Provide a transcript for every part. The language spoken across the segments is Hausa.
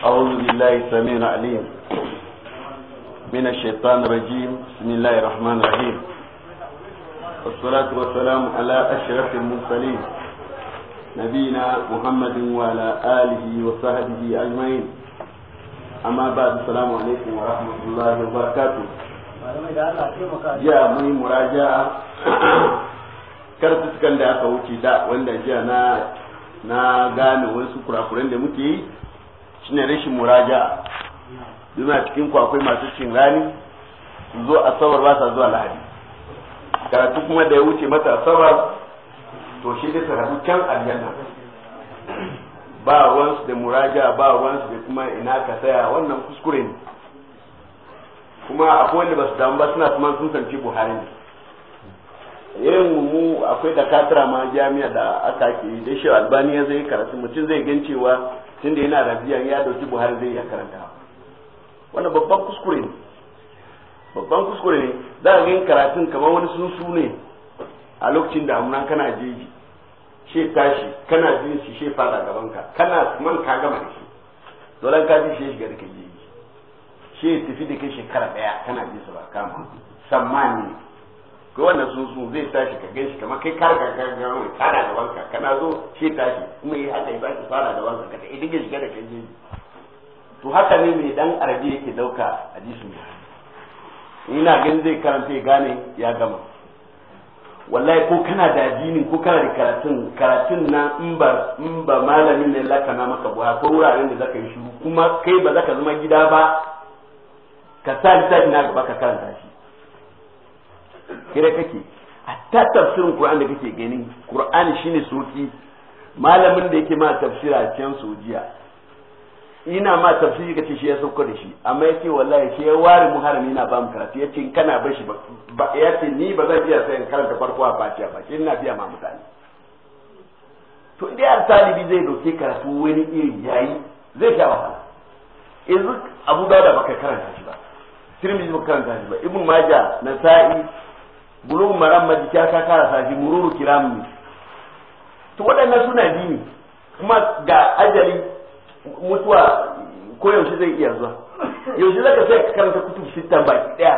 أعوذ بالله السميع العليم من الشيطان الرجيم بسم الله الرحمن الرحيم والصلاة والسلام على أشرف المرسلين نبينا محمد وعلى آله وصحبه أجمعين أما بعد السلام عليكم ورحمة الله وبركاته يا jiya مراجعة muraja'a karfukan da aka wuce da wanda jiya na gane wasu kurakuren da muke yi shine rashin muraja'a duna cikin ku akwai masu cin rani zo a asabar ba sa zuwa lahadi karatu kuma da ya wuce mata sabar to shi ne sarari can aljanna ba wansu da muraja ba wansu da kuma ina ka saya wannan kuskure ne kuma akwai wanda ba su damu ba suna kuma sun sanci buhari ne irin mu akwai da katara ma jami'a da aka ke da shi albaniya zai karatu mutum zai gan cewa tun da yana rabiya ya dauki buhari zai iya karanta wannan babban kuskure ne babban kuskure ne za a gani karatun kamar wani sunsu ne a lokacin damuna kana jeji she tashi kana jin shi she fada gaban ka kana man ka gama da shi dole ka ji shi shiga da kai jeji she tafi da kai shekara daya kana jin su ba kama sammani ko wannan tsuntsu zai tashi ka gan shi kamar kai ka ka ka ga mai tsara da wanka kana zo shi tashi kuma yi haka ba shi fara da wanka kada idan ya shiga da kai jeji to haka ne mai dan arabi yake dauka hadisi ina gan zai karanta ya gane ya gama wallahi ko kana da jinin ko kana da karatun karatun na in ba in ba malamin ne laka na maka buha ko wuraren da zaka yi shiru kuma kai ba zaka zama gida ba ka sa littafi na gaba ka karanta shi kira kake hatta tafsirin Qur'an da kake gani Qur'an shine soki malamin da yake ma tafsira can sojiya ina ma tafsiri kace shi ya sauka da shi amma yace wallahi shi ya ware harami ina ba mu karatu yace in kana bar shi ba yace ni ba zan iya sai in karanta farko a fatiha ba shi ina biya ma mutane to idan yar talibi zai doke karatu wani iri yayi zai sha wahala yanzu abu da baka karanta shi ba tirmidhi baka karanta shi ba ibnu majah nasa'i bulun maran majika ka kara sashi mururu kiram ne to waɗanda suna dini kuma ga ajali mutuwa ko yaushe zai iya zuwa yaushe zaka sai ka karanta kutub sittan baki daya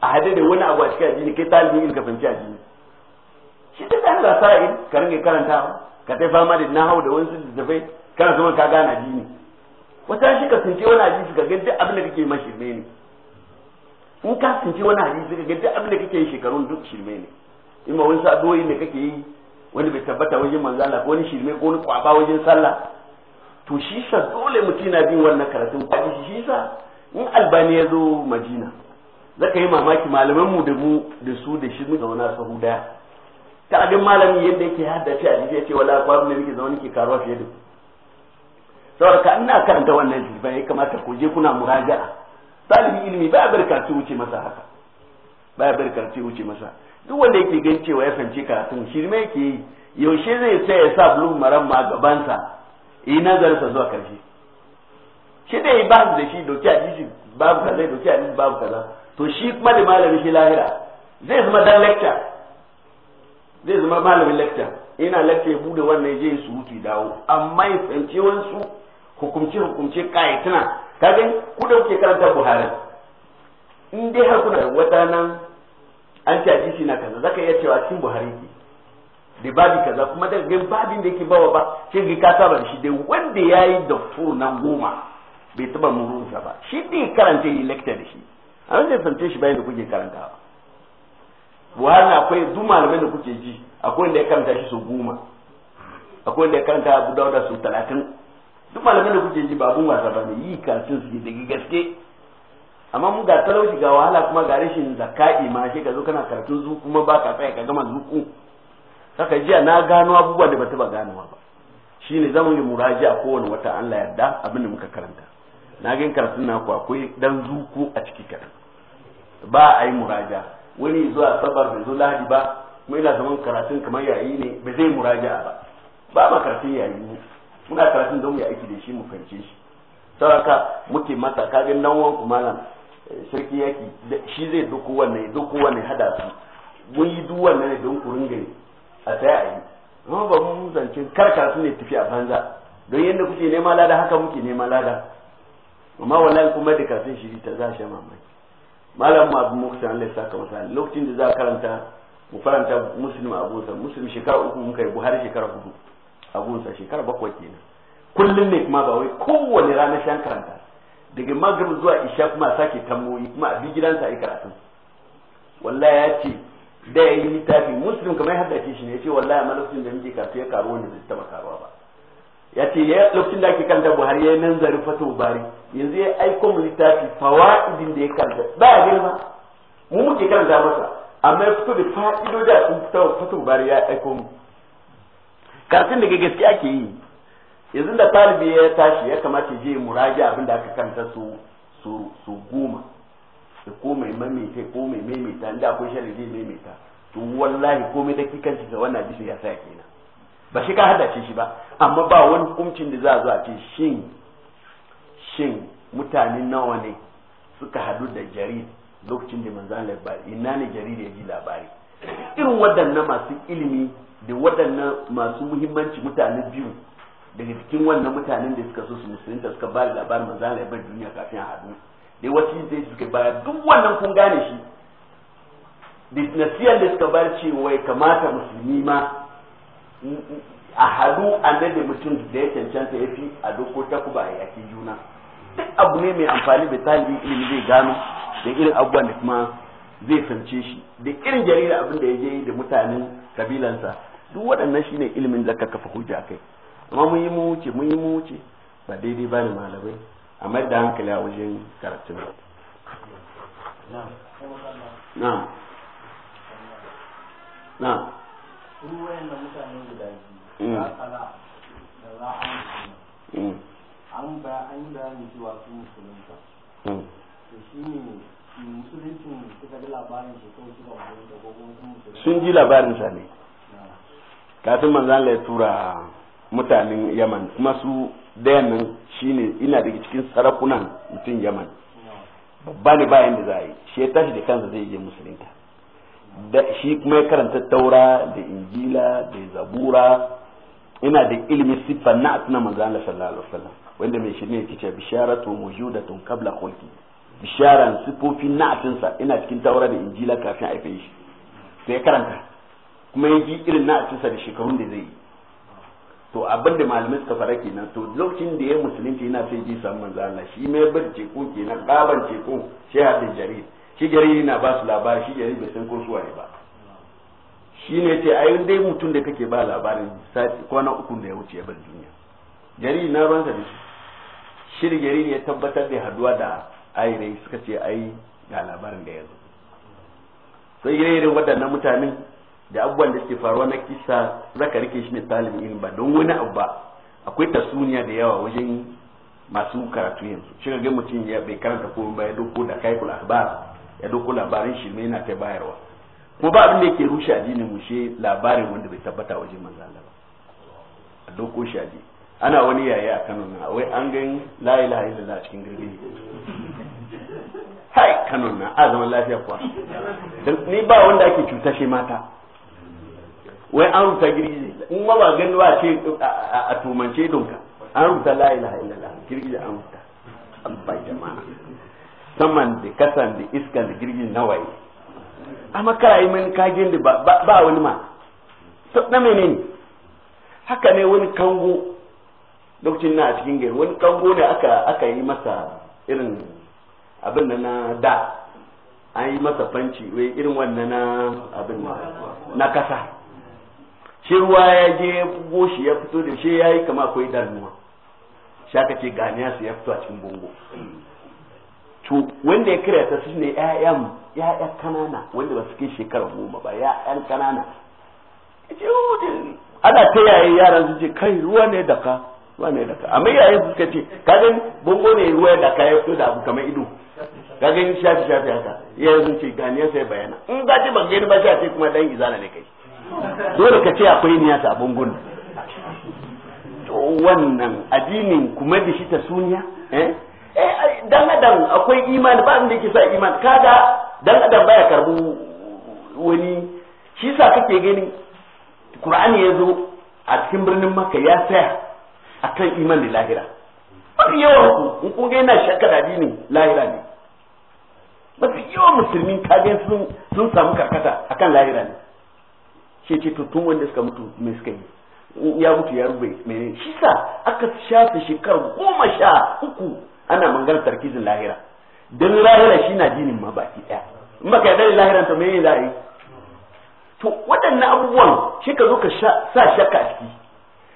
a hade da wani abu a cikin ajini kai talibin ilka fanci ajini shi ta kan da sa'in ka ringa karanta ka tai fama da na hau da wani su zafai kana zama ka gane ajini wata shi ka sunce wani ajini ka ga duk abin da kake mashi ne in ka tsinci wani hadisi ka ga abin da kake yi shekarun duk shirme ne in ma wani sa'adoi ne kake yi wani bai tabbata wajen manzo Allah ko wani shirme ko wani kwaba wajen sallah to shi sa dole mutum na bin wannan karatun kwaji shi sa in albani ya zo madina zaka yi mamaki malaman mu da mu da su da shi muka zauna sahu daya ta ga malami yadda yake haddace a jiki yace wala kwaru ne nake zama nake karuwa fiye da saboda ka ina karanta wannan jirgin ya kamata ku je kuna muraja'a talibin ilimi baya bar karatu wuce masa haka baya bar karatu wuce masa duk wanda yake gan cewa ya fahimci karatun shirme yake yi yaushe zai sai ya sa bulun maran ma gabansa yi nazarinsa zuwa karshe shi dai ba da shi doki hadisi babu kaza doki hadisi babu kaza to shi kuma da malamin shi lahira zai zama dan lecture zai zama malamin lecture ina lecture ya bude wannan ya je su wuce dawo amma ya fahimci wasu hukumce hukumce kayatuna kaga ku dauke karanta buhari in dai har kuna wata nan an ci hadisi na kaza zaka iya cewa cikin buhari ki da babi kaza kuma da gan babin da yake bawa ba shi ga ka saba da shi dai wanda yayi doctor nan goma bai taba murunsa ba shi dai karanta yi lecture da shi a san sance shi bayan da kuke ba buhari na akwai duk malamai da kuke ji akwai wanda ya karanta shi su goma akwai wanda ya karanta abu dauda su talatin duk malamai da kuke ji ba abun wasa ba ne yi kasin su daga gaske amma mu ga talauci ga wahala kuma ga rashin zakai ma shi ka zo kana karatun zu kuma ba ka tsaya ka gama zuku saka jiya na gano abubuwa da bata ba ganowa ba shine zamu yi muraji'a kowane wata Allah yarda abin da muka karanta na ga karatun na ku akwai dan zuku a ciki kadan ba a yi muraja wani zuwa sabar bai zo lahadi ba kuma ina zaman karatun kamar yayi ne ba zai muraja ba ba ma karatun yayi ne muna karatun don mu yi aiki da shi mu fahimce shi sauraka muke mata kagin dan wanku malam eh, sarki yaki shi zai duku wannan duku wannan hada su mun yi duk wannan ne don ku ringa a sai a yi amma ba mun zance kar karatu ne tafi a banza don yadda kuke nema lada haka muke nema lada amma wallahi kuma da kafin shiri ta za shi mamaki malam ma abin mukta Allah ya saka masa lokacin da za karanta mu faranta muslim abu muslim shekara uku mun yi buhari shekara uku abunsa shekara bakwai kenan kullum ne kuma ba wai kowane rana shan karanta daga magrib zuwa isha kuma sake tamboyi kuma a bi gidansa ai karatu wallahi ya ce da ya yi littafi muslim kamar ya haddace shi ne ya ce wallahi ma lokacin da muke karatu ya karu wanda bai taba karuwa ba ya ce ya lokacin da ake karanta buhari ya yi nan zari fato bari yanzu ya aiko mu littafi fawa'idin da ya karanta ba ya girma mu muke karanta masa amma ya fito da fa'idoji a cikin fato bari ya aiko mu karatun daga gaske ake yi yanzu da talibi ya tashi ya kamata je mu rage abin da aka kanta su su su goma ko mai maimaita ko mai maimaita inda akwai shari zai maimaita to wallahi komai dakikan shi ga wannan hadisi ya sa kenan ba shi ka hadace shi ba amma ba wani hukuncin da za a zo a ce shin shin mutane nawa ne suka hadu da jarir lokacin da manzan labari ina ne jarir ya ji labari irin waɗannan masu ilimi da waɗannan masu muhimmanci mutane biyu daga cikin wannan mutanen da suka so su musulunta suka ba da labarin maza laifin duniya kafin a hadu da wasu zai suka baya duk wannan kun gane shi da nasiyar da suka bayar cewa ya kamata musulmi ma a hadu a da mutum da ya cancanta ya fi a doko takuba a yaki juna duk abu ne mai amfani da talibin ilimi zai gano da irin abubuwan da kuma zai fahimce shi da irin jarirar abin da ya je da mutanen kabilansa duk waɗannan ne ilimin da ka kafa hujja kai amma mun yi mu wuce mun yi mu wuce ba daidai ba ne malamai a mai da hankali a wajen na na'am na'am ruwayen da mutane guda biyu mm. da mm. an an yi bayani cewa su musulunta mm. to shi ne sun ji labarin sa ne kafin manzan ya tura mutanen yaman kuma su daya shine ina daga cikin sarakunan mutum yaman babba ne bayan da za a yi shi ya tashi da kansa zai je musulunta da shi kuma ya karanta taura da injila da zabura ina da ilimi siffar na atuna manzan sallallahu alaihi wanda mai shirin ya kice ce bisharatu mujudatu kabla khulqi bisharan sifofin na'atinsa ina cikin taura da injila kafin a shi sai ya karanta kuma ya ji irin na'atinsa da shekarun da zai yi to abin da malamai suka fara kenan to lokacin da ya musulunci yana sai ji samun manzo Allah shi mai bar ceko kenan kaban ceko shi hadin jarir shi jarir yana ba su labari shi jarir bai san ko su ba shi ne ce yi dai mutum da kake ba labarin sati kwana uku da ya wuce ya bar duniya jarir na ransa da shi shi jarir ya tabbatar da haduwa da ayirai suka ce ai ga labarin da ya zo sai gire iren waɗannan mutanen da abubuwan da suke faruwa na kisa zaka rike shi ne talibin ilimi ba don wani abu ba akwai tasuniya da yawa wajen masu karatu yanzu shi ga mutum ya bai karanta komai ba ya doko da kai kula ba ya doko labarin shi ne yana kai bayarwa ko ba abin da yake rushe addinin mu shi labarin wanda bai tabbata wajen manzo Allah ba a doko shi ana wani yaya a Kano na wai an ga la ilaha illallah cikin gargadi Kano na a zaman lafiya kuwa ni ba wanda ake cuta shi mata wai an rubuta girgize in ma ba gani ba ce a tumance donka an rubuta la ilaha illallah girgize an rubuta Allah jama'a saman da kasan da iskan da girgin waye amma kara yi mani kagen da ba wani ma to na menene haka ne wani kango lokacin na a cikin gari wani kango ne aka yi masa irin abin nan na da an yi masa fanci wai irin wannan na abin na kasa shi ruwa ya je goshi ya fito da shi ya yi kama akwai darnuwa shi aka ce ganiya su ya fito a cikin bongo to wanda ya kira ta shine ne ƴaƴan ƴaƴan kanana wanda ba su kai shekara goma ba ƴaƴan kanana oh, ana ta yayi yaran su ce kai ruwa ne da ka ruwa ne da ka amma yayin suka ce kadan bongo ne ruwa da ka ya fito da abu kamar ido ka ga shafi shafi haka ya yi ce ga niyansa bayana in ka ce ban gani ba sai ce kuma dan izala ne kai dole ka ce akwai ta abun gun to wannan addinin kuma da shi ta suniya eh, eh dan adam akwai imani ba inda yake sa imani kaga dan adam baya karbu wani shi sa kake gani qur'ani ya zo a cikin birnin maka ya tsaya akan iman lahira mafi yawan ku kun ga yana shakka da addinin lahira ne mafi yawan musulmi kaje sun sun samu karkata akan lahira ne shi ce to wanda suka mutu me suka yi ya mutu ya rube mene shi sa aka shafe shekaru goma sha uku ana mangar tarkizin lahira don lahira shi na dinin ma baki daya in baka yarda da lahira to me za yi to waɗannan abubuwan shi ka zo ka sa shakka a ciki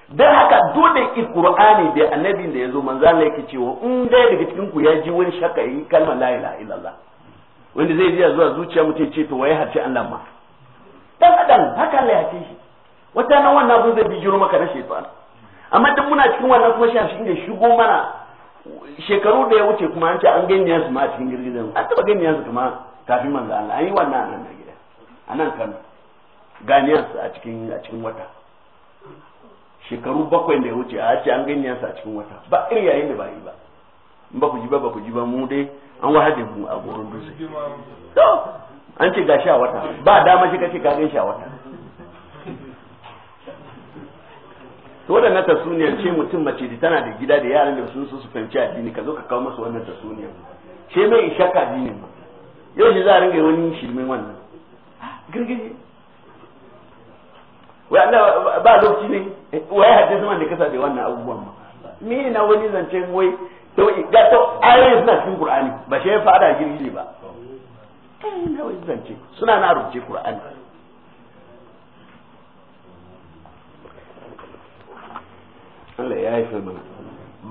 don haka dole alqur'ani da annabin da ya zo manzo Allah yake cewa in dai daga cikin ku ya ji wani shakka yi kalmar la ilaha wanda zai iya zuwa zuciya mutum ce to waye harce Allah ma dan adam haka Allah ya shi wata nan wannan abun zai bijiro maka na shaytan amma duk muna cikin wannan kuma shi ne shigo mana shekaru da ya wuce kuma an ce an ganyen su ma cikin girgizan an taba ganyen su kuma kafin manzo Allah an yi wannan nan na gida anan kan ganyen su a cikin a cikin wata shekaru bakwai da ya wuce a ce an ganyen su a cikin wata ba iri yayin da ba yi ba in ba ku ji ba ba ku ji ba mu dai an wahajin mu a gurin dutse to an ce ga sha wata ba dama shi kace ka gan sha wata to wadannan tasuniyar ce mutum mace da tana da gida da yaran da sun su fahimci addini ka zo ka kawo masa wannan tasuniyar ce mai ishaka addinin ma yau shi za a ringa wani shirmin wannan girgije wai Allah ba lokaci ne wai hadisi man da kasa da wannan abubuwan ma me na wani zance wai to ga to ayoyin suna cikin qur'ani ba shi ya fada girgije ba eh na zance suna na rubuce qur'ani Allah ya yi mana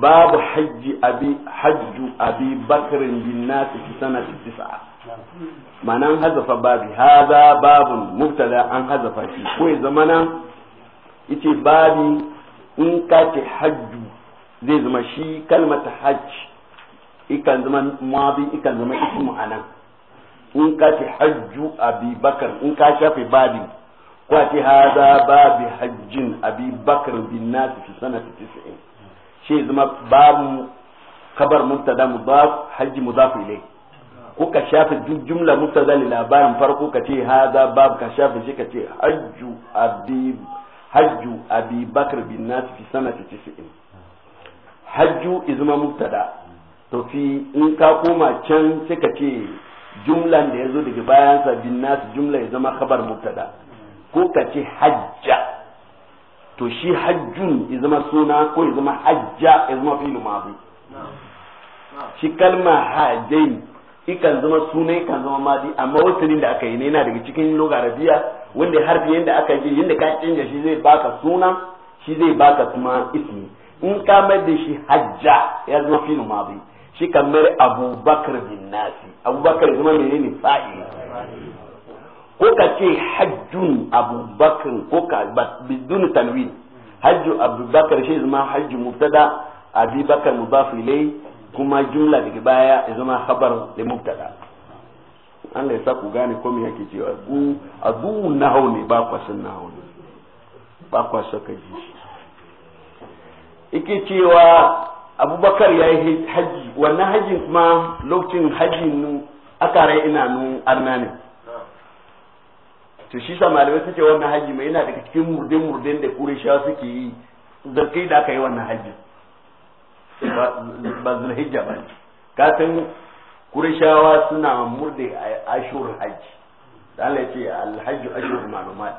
babu hajji abi hajju abi bakarin bin nasi fi sanati tis'a manan hazafa babi haza babun mubtada an hazafa shi ko ya nan ita babi in ka ce hajju zai zama shi kalmata hajj ikan zama mabi ikan zama ismu anan in ka ce hajju abubakar in ka shafe babin ko a ce haza babi hajjin abubakar bin nasu fi sanata tisa'in shi zama babu kabar mubtada mudaf hajji mu mudaf ilai kuka shafe jumla mubtada ne labarin farko ka ce haza babu ka shafe shi ka ce hajju abi hajju abubakar bin nasu fi sanata tisa'in hajju izma mubtada to fi in ka koma can sai ce jumlan da ya zo daga bayansa bin nasu jumla ya zama khabar mubtada ko ka ce hajja to shi hajjun ya suna ko ya zama hajja ya zama filu mazi shi kalma hajjai ikan zama suna ikan zama madi amma wasanin da aka yi ne yana daga cikin loga arabiya wanda harfi yadda aka yi yanda ka canja shi zai baka suna shi zai baka kuma ismi in ka mai da shi hajja ya zama filin mabi shi kan mai abubakar bin nasi abubakar zama mai ne fa'i ko ka ce hajjun abubakar ko ka bidun tanwin hajju abubakar shi zama hajju mubtada abubakar mudaf ilai kuma jumla daga baya ya zama khabar da mubtada an da yasa ku gane ko me yake cewa abu abu nahau ne ba kwasan nahau ne ba kwasa ka ji shi yake cewa abubakar ya yi haji wannan hajjin kuma lokacin hajjin a kare ina nun arna ne to shi sa malamai suke wannan hajji mai yana daga cikin murdin murdin da kure kurishawa suke yi da kai da aka yi wannan hajji ba zuwa hijja ba ne ka san kurishawa suna murde ashur hajji da ala ya ce alhaji ashur malamai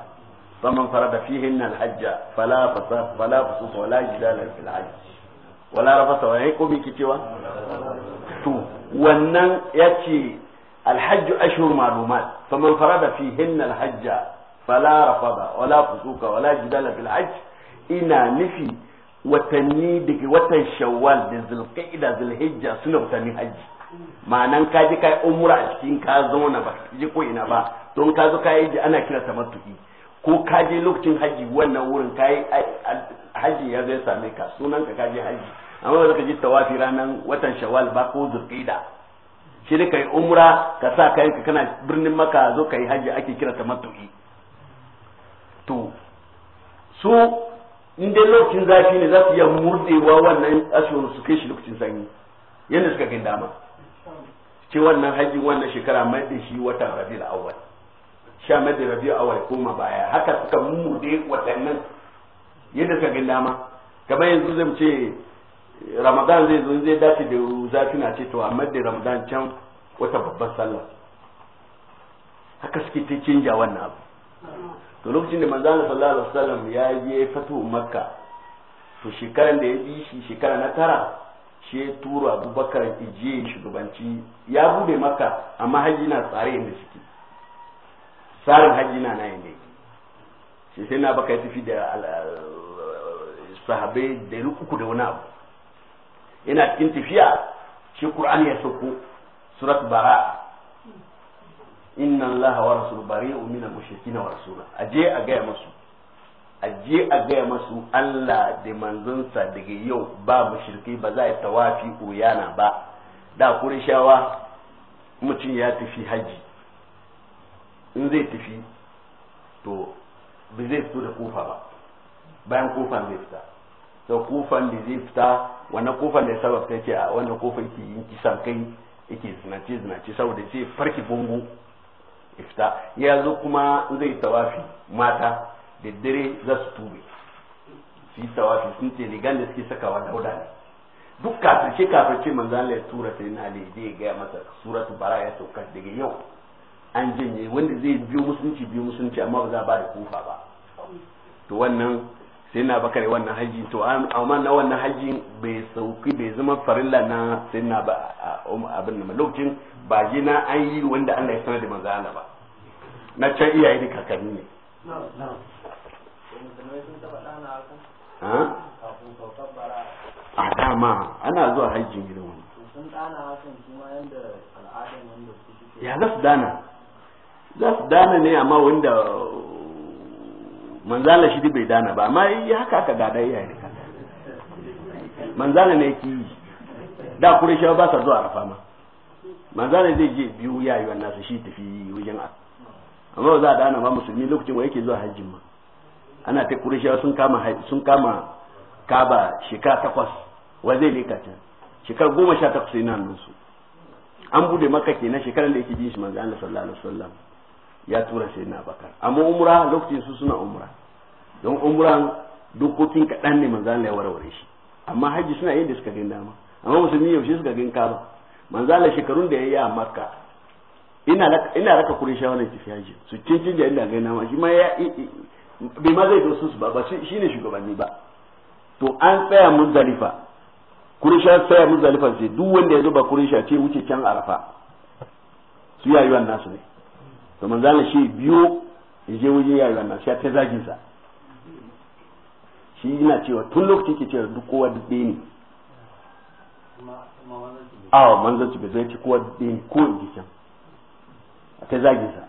فمن فرض فيهن الحج فلا فساق فلا فسوق ولا جدال في الحج ولا رفث ولا يقوم كتوا تو wannan yace الحج أشهر معلومات فمن فرض فيهن الحج فلا رفض ولا فسوق ولا جدال في الحج ina nufi watanni daga watan shawwal da zulqa'ida zulhijja suna watanni hajji ma'anan ka ji kai umra a cikin ka zauna ba ji ko ina ba don ka zo ka yi ana kira tamattu'i ko ka je lokacin haji wannan wurin kai haji ya zai same ka sunan ka kaje haji amma ba ka ji tawafi ranar watan shawwal ba ko zulqida shi ne kai umra ka sa kayan ka kana birnin maka zo kai haji ake kira ta matuki. to su in dai lokacin zafi ne za su iya murdewa wannan asuwar su kai shi lokacin sanyi yadda suka gani dama ce wannan haji wannan shekara mai da shi watan rabiul awwal sha mai rabi a awal koma baya haka suka mummude watannin yadda suka gina ma kamar yanzu zan ce ramadan zai zo zai dace da zafi na ce to amma da ramadan can wata babbar sallah haka suke ta canja wannan abu to lokacin da manzan sallallahu alaihi wasallam ya je fatu makka to shekaran da ya bi shi shekara na tara shi ya tura abubakar ijiye shugabanci ya bude makka amma haji na tsare inda suke sarin hajji na nan ne shi sai na baka tafi da sahabai da uku da wani abu yana cikin tafiya shi qur'ani ya sauko surat bara inna allah wa rasul bari'u min al na wa rasula aje a gaya masu aje a gaya masu Allah da manzonsa daga yau ba mushriki ba za a tawafi uyana ba da kurishawa mutum ya tafi hajji. in zai tafi to ba zai fito da kofa ba bayan kofan zai fita da kofan da zai fita wannan kofan da ya saba fita ce a wannan kofan ke yin kisan kai yake zinace zinace saboda ce farki bongo ya fita ya zo kuma zai tawafi mata da dare za su tube su yi tawafi sun ce rigan da suke sakawa dauda ne duk kafirce kafirce manzo Allah ya tura sai na Ali ya gaya masa suratu bara ya sauka daga yau an janye wanda zai biyo musulunci biyo musulunci amma ba za a ba da kufa ba to wannan sai na bakare wannan haji to amma na wannan haji bai sauki bai zama farilla na sai na ba um, abin da lokacin ba na an yi wanda Allah ya sanar da manzo Allah ba na can iyaye da kakanni ne a dama ana zuwa hajjin gidan wani sun dana kuma ya za su dana za su dana ne amma wanda manzala shi bai dana ba amma yi haka ka gada iyaye ne manzala ne ki yi da shawar ba sa zuwa arafa ma manzala zai je biyu yi wannan su shi tafi wajen a amma za a dana ma musulmi lokacin wa yake zuwa hajjin ma ana ta kure sun kama sun kama kaba shekara takwas wa zai leka can shekar goma sha takwas yana nan su an bude maka kenan shekarar da yake jin shi manzala sallallahu alaihi wasallam ya tura sai na bakar amma umra lokacin su suna umra don umran dokokin kaɗan ne manzan Allah ya warware shi amma haji suna yin da suka gina dama amma musulmi yaushe suka gina kaba manzo Allah shekarun da yayi a makka ina ina raka kurishawa ne tafi haji su cincin da inda gani dama shi ma ya bai ma zai dosu su ba ba ne shugabanni ba to an tsaya mun zalifa kurisha tsaya mun zalifa sai duk wanda ya zo ba kurisha ce wuce can arafa su yayuwan nasu ne to man Allah shi biyo ya je wajen yayi wannan shi ta zagin sa shi ina cewa tun lokacin ke cewa duk kowa duk ɗaya ne man manzanci bai zai ci kowa duk ɗaya ne ko in ji can ta zagin sa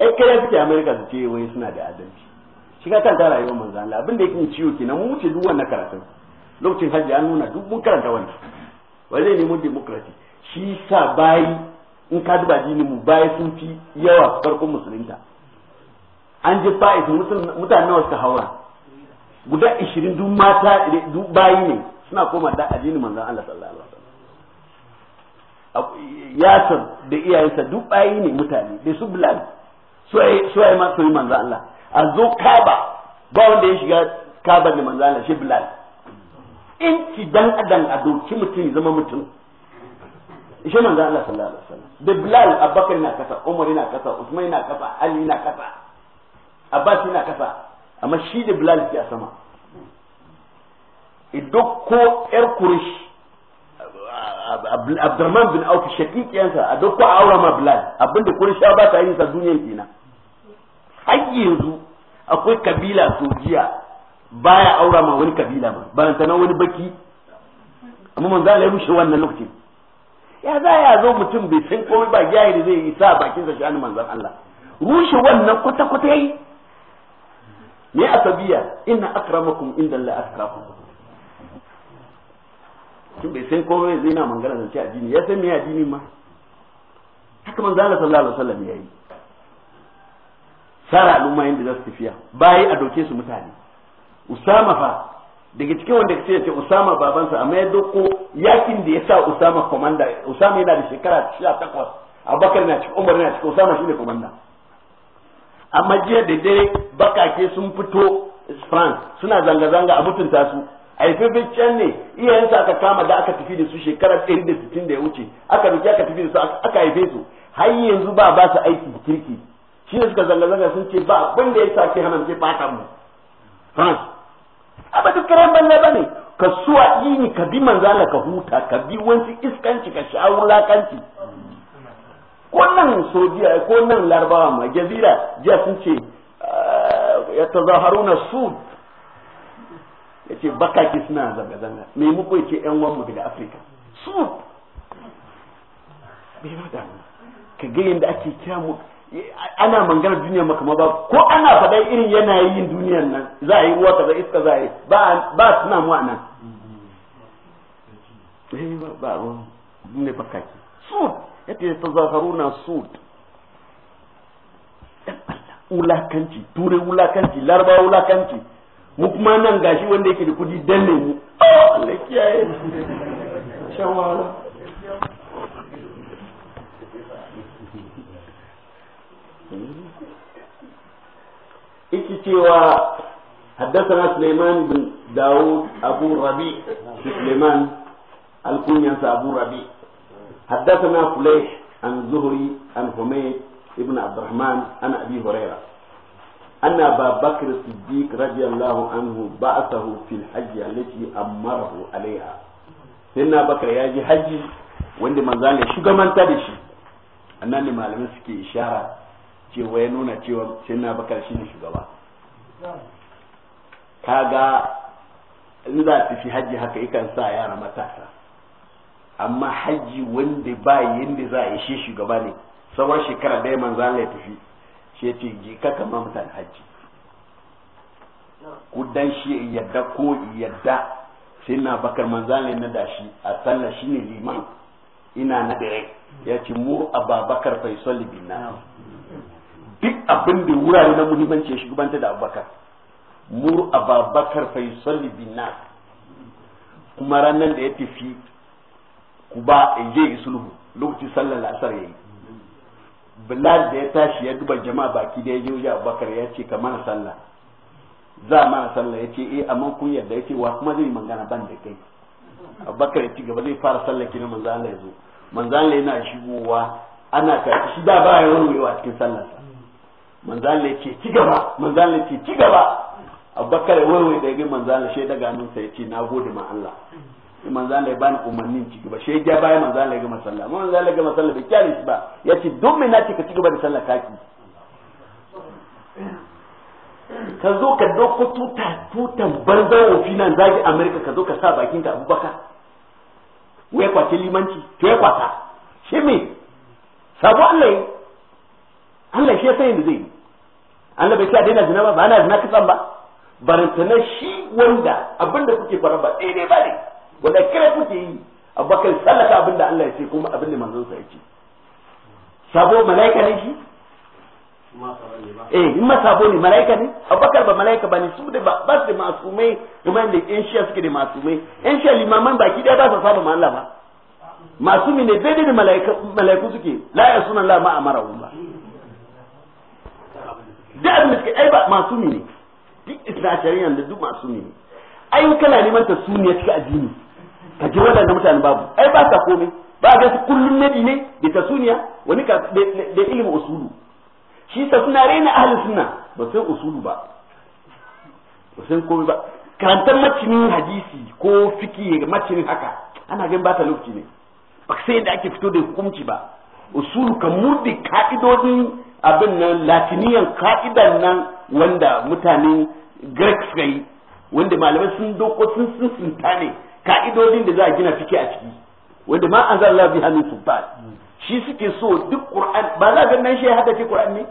ai kira ke amerika su ce wai suna da adalci shi ka kanta rayuwar manzo Allah abin da yake ciwo kenan mu wuce duk wannan karatun lokacin hajji an nuna duk mun karanta wannan wa zai nemo demokrasi shi sa bayi in ka duba jinin mu bayi sun fi yawa farkon musulunta an je fa'is mutane nawa suka haura guda 20 duk mata duk bayi ne suna koma da addinin manzon Allah sallallahu alaihi wasallam yasir da iyayensa duk bayi ne mutane da su bilal su ai ma su yi manzon Allah a zo kaba ba wanda ya shiga kaba da manzon Allah shi bilal inci dan adam a doki mutum zama mutum shi manzo Allah sallallahu alaihi wasallam da Bilal Abubakar na kasa Umar na kasa Usman na kasa Ali na kasa Abbas na kasa amma shi da Bilal ke a sama ko yar kurish Abdurrahman bin Auf shakikiyansa a dokko a aura ma Bilal abinda ya ba ta yin sa duniyan kenan har yanzu akwai kabila sojiya baya aura ma wani kabila ma barantana wani baki amma manzo Allah ya rushe wannan lokaci ya za ya zo mutum bai san komai ba da zai yi sa bakin sa shani manzon Allah rushe wannan kwata kwata yayi ne asabiya inna akramakum inda Allah akrakum tun bai san komai zai na mangana zance addini ya san me addini ma haka manzo Allah sallallahu alaihi wasallam yayi sara al'umma da za su tafiya bayi a doke su mutane usama fa daga cikin wanda sai ce usama babansa amma ya doko yakin da ya sa usama komanda usama yana da shekara 18 abubakar na cikin umar na cikin usama shine komanda amma jiya da dare bakake sun fito france suna zanga-zanga a mutunta su haifafin can ne iyayensa aka kama da aka tafi da su shekara 160 da ya wuce aka ruki aka tafi da su aka haife su har yanzu ba ba su aiki kirki shi ne suka zanga-zanga sun ce ba abin da ya sake hana ce fata mu france ba duk banne ba ne ka suwa ini ka bi manzala ka huta ka bi wani iskanci ka sha wulakanci ko nan sojiya ko nan larabawa ma jazira jiya sun ce ah, ya tazaharuna su ya ce ki suna zanga-zanga mai muku ya ce yan wanmu daga afirka su bai ba ka ga yadda ake kyamu ana manganar duniya maka ma ba ko ana faɗa irin yanayin duniyan nan za a yi ruwa kaza iska za a yi ba ba suna mu anan eh, ba ba ne bakaki sud yace tazaharuna sud wulakanci turai wulakanci laraba wulakanci mu kuma nan gashi wanda yake da kudi dan ne mu oh, Allah kiyaye shan ita cewa haddasa Suleiman bin Dawud abu rabi Suleiman alkunyansa abu rabi haddasa na fulaih an zuhuri an humayn ibn abdurrahman an abi huraira أن أبا بكر الصديق رضي الله عنه بعثه في الحج التي أمره عليها سيدنا بكر يا حج وإن من ذلك شو كمان تدشي أنني ما لمسك ishara. cewa ya nuna cewa sai na bakar shi ne shugaba kaga in za ta fi hajji haka ikan sa yara matasa amma hajji wanda ba yadda za a yi shi shugaba ne sauran shekara ɗaya manzan ya tafi shi ce ji ka kama mutane hajji kudan shi yadda ko yadda sai na bakar manzali na da shi a sallah shi ne liman ina na ya ce mu ababakar faisal bin duk abin da wurare na muhimmanci ya shugabanta da abubakar mur ababakar fai yusalli bin nas kuma ranar da ya tafi kuba in je yi sulhu lokacin sallar asar yi bilal da ya tashi ya duba jama'a baki da ya je wajen abubakar ya ce ka mana sallah za mana sallah ya ce eh amma kun yarda ya ce wa kuma zai magana ban da kai abubakar ya ci gaba zai fara sallah kina manzo Allah ya zo manzo Allah yana shigowa ana ta shi da ba ya wani cikin sallarsa manzala ce ci gaba manzala ce ci gaba abubakar waiwai da ya bin manzala shi daga hannunsa ya ce na gode ma Allah sai manzala ya bani umarnin ci gaba shi ya bayan manzala ya gama sallah amma manzala ya gama sallah bai kyale shi ba ya ce don me na ce ka ci gaba da sallah kaki ka zo ka dauko tuta tutan banzan wofi nan zagi amerika ka zo ka sa bakin ka abubakar wai kwace limanci to ya kwata shi me sabo Allah Allah shi ya sani da zai yi Allah bai ce a daina zina ba ba ana zina kasan ba barantana shi wanda abinda kuke fara ba daidai ba ne wanda kira kuke yi abubakar sallaka abinda Allah ya ce kuma abinda manzon sa ya ce sabo malaika ne shi eh in ma sabo ne malaika ne abubakar ba malaika ba ne su da ba su da masumai kuma inda yan shiya suke da masumai yan shiya limaman baki daya ba su saba ma Allah ba masumi ne daidai da malaiku suke la ya sunan Allah ma amara ba duk abin da suka ai ba masu ne duk isra'ashari yanzu duk masu ne ai kana neman ta suniya cikin addini ka ji waɗanda mutane babu ai ba sa komai ba ga su kullum nabi ne da ta suniya wani ka da ilimin usulu shi ta suna raina ahalin sunna ba san usulu ba ba san komai ba karantar macinin hadisi ko fiki macinin haka ana gan ba ta lokaci ne ba sai da ake fito da hukunci ba usulu ka murdi ka'idodin abin nan latiniyan ka'idan nan wanda mutane greek suka yi wanda malamai sun doko sun sun sun ne ka'idodin da za a gina fiki a ciki wanda ma an zalla bi hannun sultan shi suke so duk qur'an ba za ga nan shi hada ce qur'an ne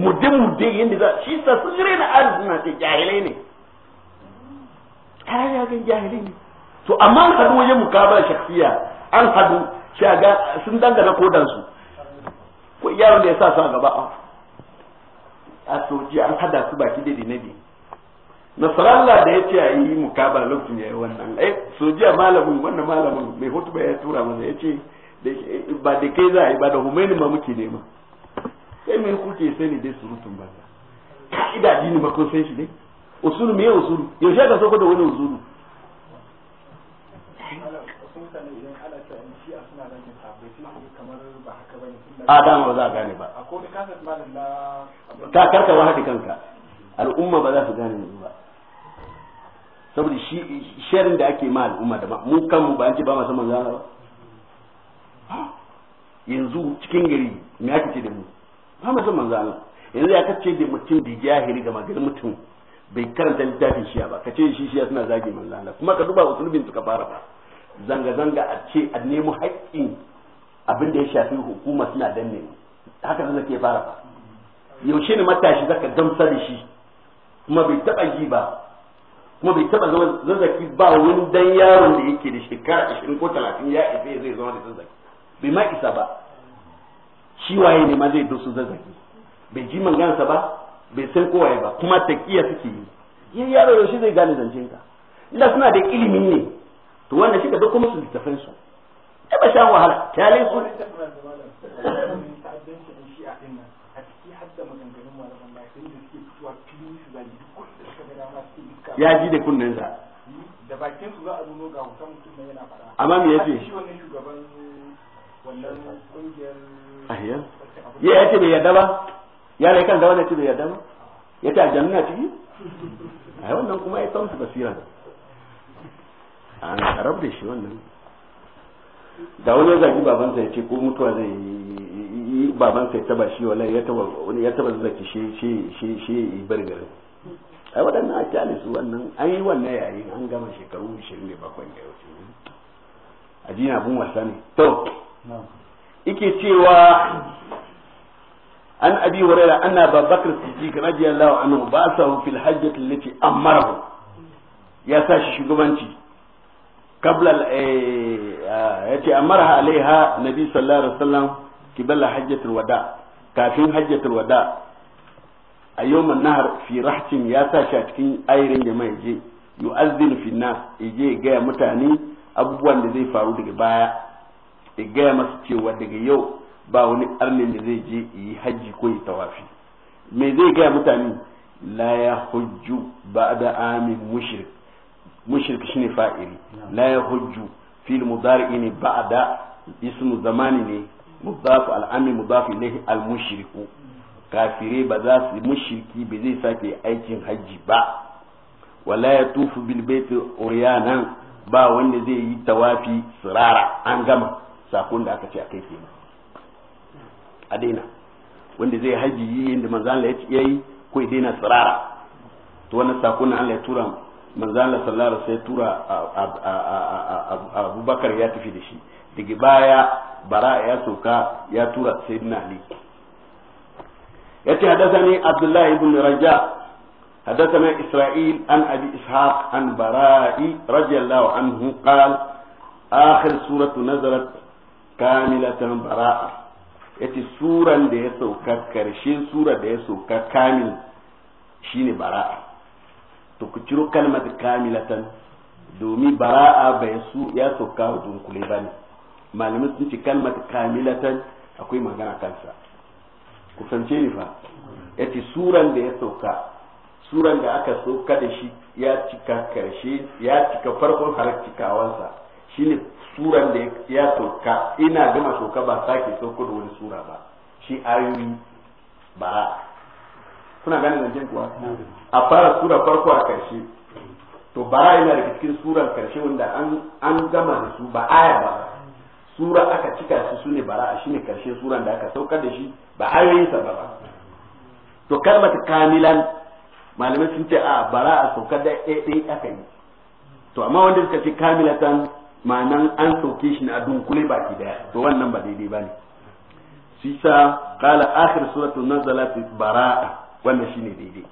mudde mudde yanda za shi sa sun jire na arzu na ce jahilai ne kare ya ga jahilai ne to amma an hadu wajen mukabala shakhsiya an hadu shaga sun dangana kodansu ko yaron da ya sa su a gaba a soji an hada su baki da dinabi nasarallah da ya ce a yi mukaba lokacin ya yi wannan ai eh, soji a malamin wannan malamin mai hutuba ya tura mana ya ce ba da kai za a yi ba da humaini ma muke nema sai mai kuke sani dai surutun ba ka'ida dini ba kun san shi ne usulu me usulu yaushe ka so da wani usulu a dama ba za a gane ba ta karka haɗi kanka al'umma ba za su gane yanzu ba saboda shi sharing da ake ma al'umma da mu kanmu ba an ce ba masu manzana ba yanzu cikin gari me ake ce da mu ba masu manzana yanzu ya kace da mutum da jahiri ga maganin mutum bai karanta littafin shiya ba kace shi shiya suna zagi manzana kuma ka duba wasu usulubin suka fara ba zanga-zanga a ce a nemi haƙƙin abin da ya shafi hukuma suna danne haka zan ke fara ba yaushe ne matashi zaka gamsa da shi kuma bai taba ji ba kuma bai taba zama zazzaki ba wani dan yaron da yake da shekara 20 ko 30 ya isa zai zama da zazzaki bai ma isa ba shi waye ne ma zai dosu zazzaki bai ji mangansa ba bai san kowaye ba kuma taqiya suke yi yin yaro yaushe zai gane zancen ka illa suna da ilimi ne to wannan shi ka dauko musu littafin su ai ba shan wahala kyale su ya ji da kunnen sa da bakin su za a nuno ga hoton mutum yana fara amma me yace shi wannan shugaban wannan kungiyar ahiya ya yace bai yadda ba ya rai kan da wannan ce bai yadda ba yace aljanna na ciki ai wannan kuma ya san su basira an ah, karab da shi wannan da wani ya zagi babansa ya ce ko mutuwa zai yi babansa ya taba shi wala ya taba zaki shi shi shi shi yi bar garin ai waɗannan ake alisu wannan an yi wannan yayin an gama shekaru 27 da ya wuce aji na bin wasa ne to ike cewa an abi hurairah anna babakar siddiq radiyallahu anhu ba sa fil hajjati allati amarahu ya sa shi shugabanci kabla yace amarha alaiha nabi sallallahu alaihi wasallam kibala hajjatul wada kafin hajjatul wada a yawman nahar fi ya sa shi a cikin ayarin jama'a je yu'azzinu fi nas je gaya mutane abubuwan da zai faru daga baya ya gaya masu cewa daga yau ba wani arnin da zai je yi hajji ko yi tawafi me zai gaya mutane la ya hujju ba'da amin mushrik mushrik shine fa'ili laya yahujju fil mudari'i ne ba'da ismu zamani ne mudaf al'ami mudaf ilayhi al mushriku kafire ba za su mushriki ba zai sake aikin hajji ba wala yatufu bil baiti uryanan ba wanda zai yi tawafi sirara an gama sakon da aka ce a kai kenan a daina wanda zai haji yi inda manzo Allah ya yi ko ya daina sirara to wannan sakon Allah ya tura manzala sallallahu sai tura abubakar ya tafi da shi daga baya bara ya soka ya tura sayyidina ali yace hadathani abdullah ibn raja hadathana isra'il an abi ishaq an bara'i radiyallahu anhu qal akhir suratu nazarat kamilatan bara'a yace suran da ya sauka karshen sura da ya sauka kamil shine bara'a to ku ciro kalmar kamilatan domin bara'a bai su ya sauka wa dunkule ba ne malamai sun ce kalmar kamilatan akwai magana kansa ku fahimce ni fa ya ce suran da ya sauka suran da aka sauka da shi ya cika karshe ya cika farkon har cikawansa shine suran da ya sauka ina gama sauka ba sake sauko da wani sura ba shi ayoyi ba suna ganin zancen kuwa a fara sura farko a karshe to bara yana daga cikin suran karshe wanda an gama da su ba aya ba sura aka cika su ne bara shine karshe suran da aka saukar da shi ba ayoyin sa ba to kalmata kamilan malamai sun ce a bara a saukar da ɗaya aka yi to amma wanda suka ce kamilatan ma'anan an sauke shi na dunkule baki daya to wannan ba daidai ba ne sisa kala akhir suratul nazalat bara'a wannan shine daidai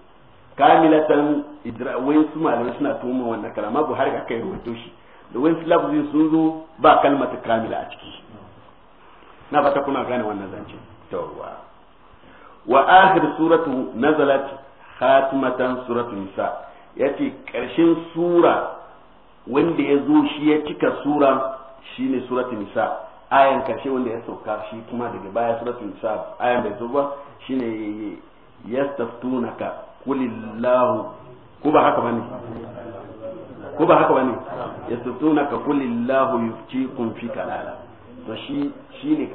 kamilatan idra su malamai suna tuma wannan kalama buhari ga kai rubuto shi da wai su lafzin sun zo ba kalmata kamila a ciki na fata kuna gane wannan zance tawwa wa akhir suratu nazalat khatmatan suratu nisa yace karshen sura wanda ya zo shi ya cika sura shine suratu nisa ayan karshe wanda ya sauka shi kuma daga baya suratu nisa ayan bai zo ba shine yastaftunaka kulillahu ko ba haka bane ko ba haka bane yasutuna ka kulillahu yuftikum fi kalala to shi shine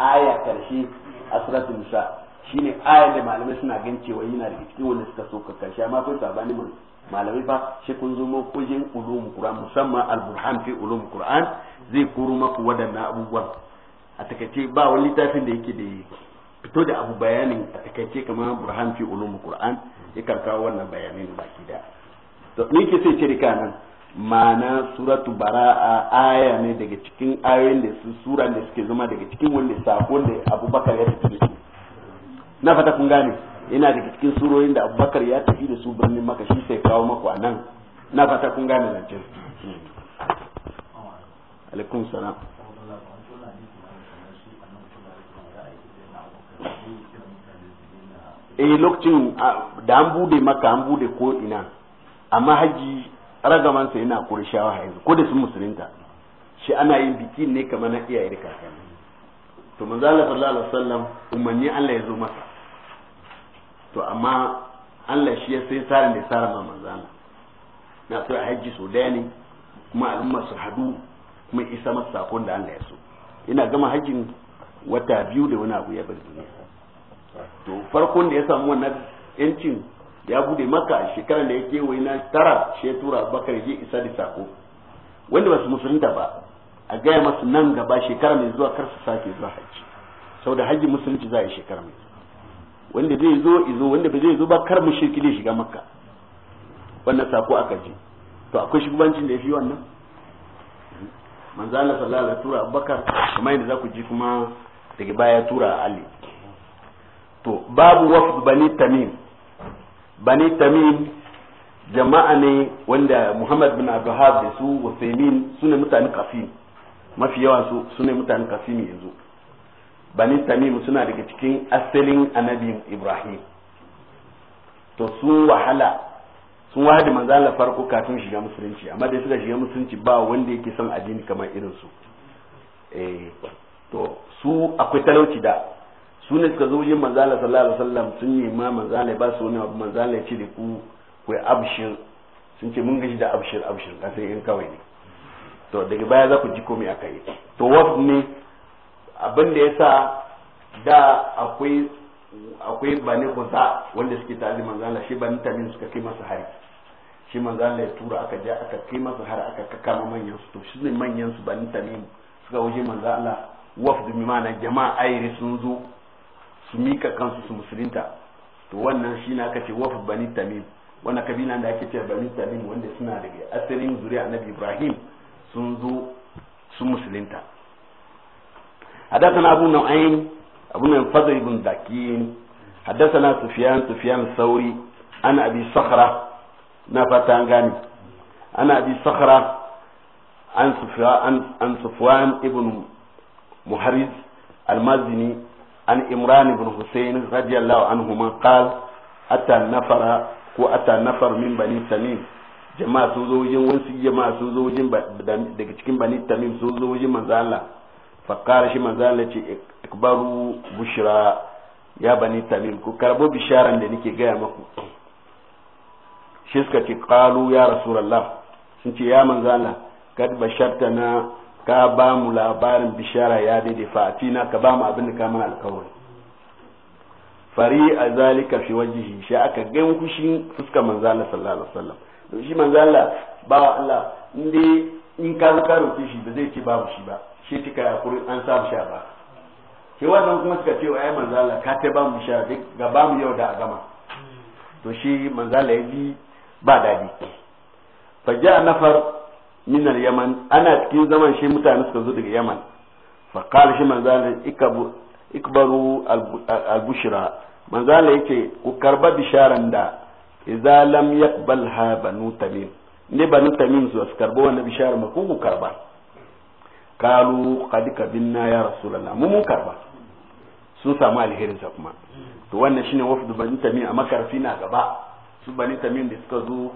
aya karshe a suratul nisa shine aya da malamai suna gan cewa yana da cikin wanda suka so ka karshe amma akwai sabani mun malamai fa shi kun zo kujin ulum qur'an musamman al-burhan fi ulum qur'an zai kuru maku wadannan abubuwan a takaice ba wani littafin da yake da fito da abu bayanin a takaice kamar burhan fi ulum qur'an ya karkawo wannan bayanin baki da to ni ke sai shirka nan ma'ana suratu bara'a aya ne daga cikin ayoyin da su sura da suke zama daga cikin wanda sako da abubakar ya tafi da su na fata kun gane yana daga cikin surorin da abubakar ya tafi da su birnin maka shi sai kawo maku a nan na fata kun gane zancen hmm. alaikum salam eh lokacin da an bude maka an bude ko ina amma haji ragamansa yana kurishawa yanzu ko da sun musulunta shi ana yin biki ne kamar na iyaye da kakanni to manzo Allah sallallahu alaihi wasallam umanni Allah ya zo masa to amma Allah shi ya sai tsarin da tsara ma manzo Allah na so a haji so daya ne kuma al'umma su hadu kuma isa masa sakon da Allah ya so ina gama hajjin wata biyu da wani abu ya bar duniya to farkon da ya samu wannan yancin ya bude maka shekaran da ya kewaye na tara shi ya tura bakar ya isa da sako wanda basu musulunta ba a gaya masu nan gaba shekara mai zuwa kar su sake zuwa hajji saboda hajji musulunci za a yi shekara mai wanda zai zo izo wanda ba zai zo ba kar mu shirki zai shiga makka wannan sako aka ji to akwai shugabancin da ya fi wannan manzana sallallahu alaihi tura Abubakar kamar yadda za ku ji kuma daga baya tura ali to babu wafd bani tamim bani tamim jama'a ne wanda muhammad bin abdullahi da su wasaimin su ne mutane kafin mafi yawa su ne mutane kafin yanzu bani tamim suna daga cikin asalin annabi ibrahim to sun wahala sun wahadi manzo la farko kafin shiga musulunci amma da suka shiga musulunci ba wanda yake son addini kamar irin su eh to su akwai talauci da su ne suka zo yin manzala sallallahu alaihi wasallam sun nema manzala ba su wani abu manzala ya ce da ku ku abshir sun ce mun gaji da abshir abshir sai in kawai ne to daga baya za ku ji komai aka yi to wasu ne abin da ya sa da akwai akwai bani kusa wanda suke tare manzala shi bani tamin suka kai masa hari shi manzala ya tura aka ja aka kai masa hari aka kama manyan su to shi ne manyan su bani tamin suka waje manzala wafd bi ma'ana jama'a ayri sun zo su mika kansu su musulunta to wannan shi na aka wafd bani tamim wannan kabila da ake cewa bani tamim wanda suna daga asalin zuriya annabi ibrahim sun zo su musulunta حدثنا أبو نعيم أبو نعيم فضل بن دكين حدثنا سفيان سفيان الثوري أنا أبي صخرة نفت عن أنا أبي صخرة عن صفوان ابن muharriz almazini an imran ibn husayn radiyallahu anhuma qal atta nafara ko atta nafar min bani tamim jama'a sun zo wajen wasu jama'a sun zo wajen daga cikin bani tamim sun zo wajen manzo Allah fa qala shi manzo Allah ce ikbaru bushra ya bani tamim ku karbo bisharan da nake gaya maku shi suka ce qalu ya rasulullah sun ce ya manzo Allah kad na. ka ba mu labarin bishara ya daidai fati na ka ba mu abin da ka mana alkawari fari a zalika fi wajihi shi aka gan kushin fuskar manzala sallallahu alaihi wasallam don shi manzala ba wa Allah in dai in ka zo ka roke shi ba zai ce babu shi ba shi tika ya kuri an samu sha ba ke wannan kuma suka ce ai manzala ka ta ba mu sha ga ba mu yau da a gama to shi manzala ya bi ba dadi fa ja nafar min yaman ana cikin zaman shi mutane suka zo daga yaman fa qala shi manzo Allah ikabu ikbaru al-bushra manzo Allah yake ku karba bisharan da idza lam yaqbalha banu tamim ne banu tamim su karba wannan bishara ma ku karba kalu qad kabinna ya rasulullah mu mun karba sun samu alherin sa kuma to wannan shine wafdu banu tamim a makarfi na gaba su banu tamim da suka zo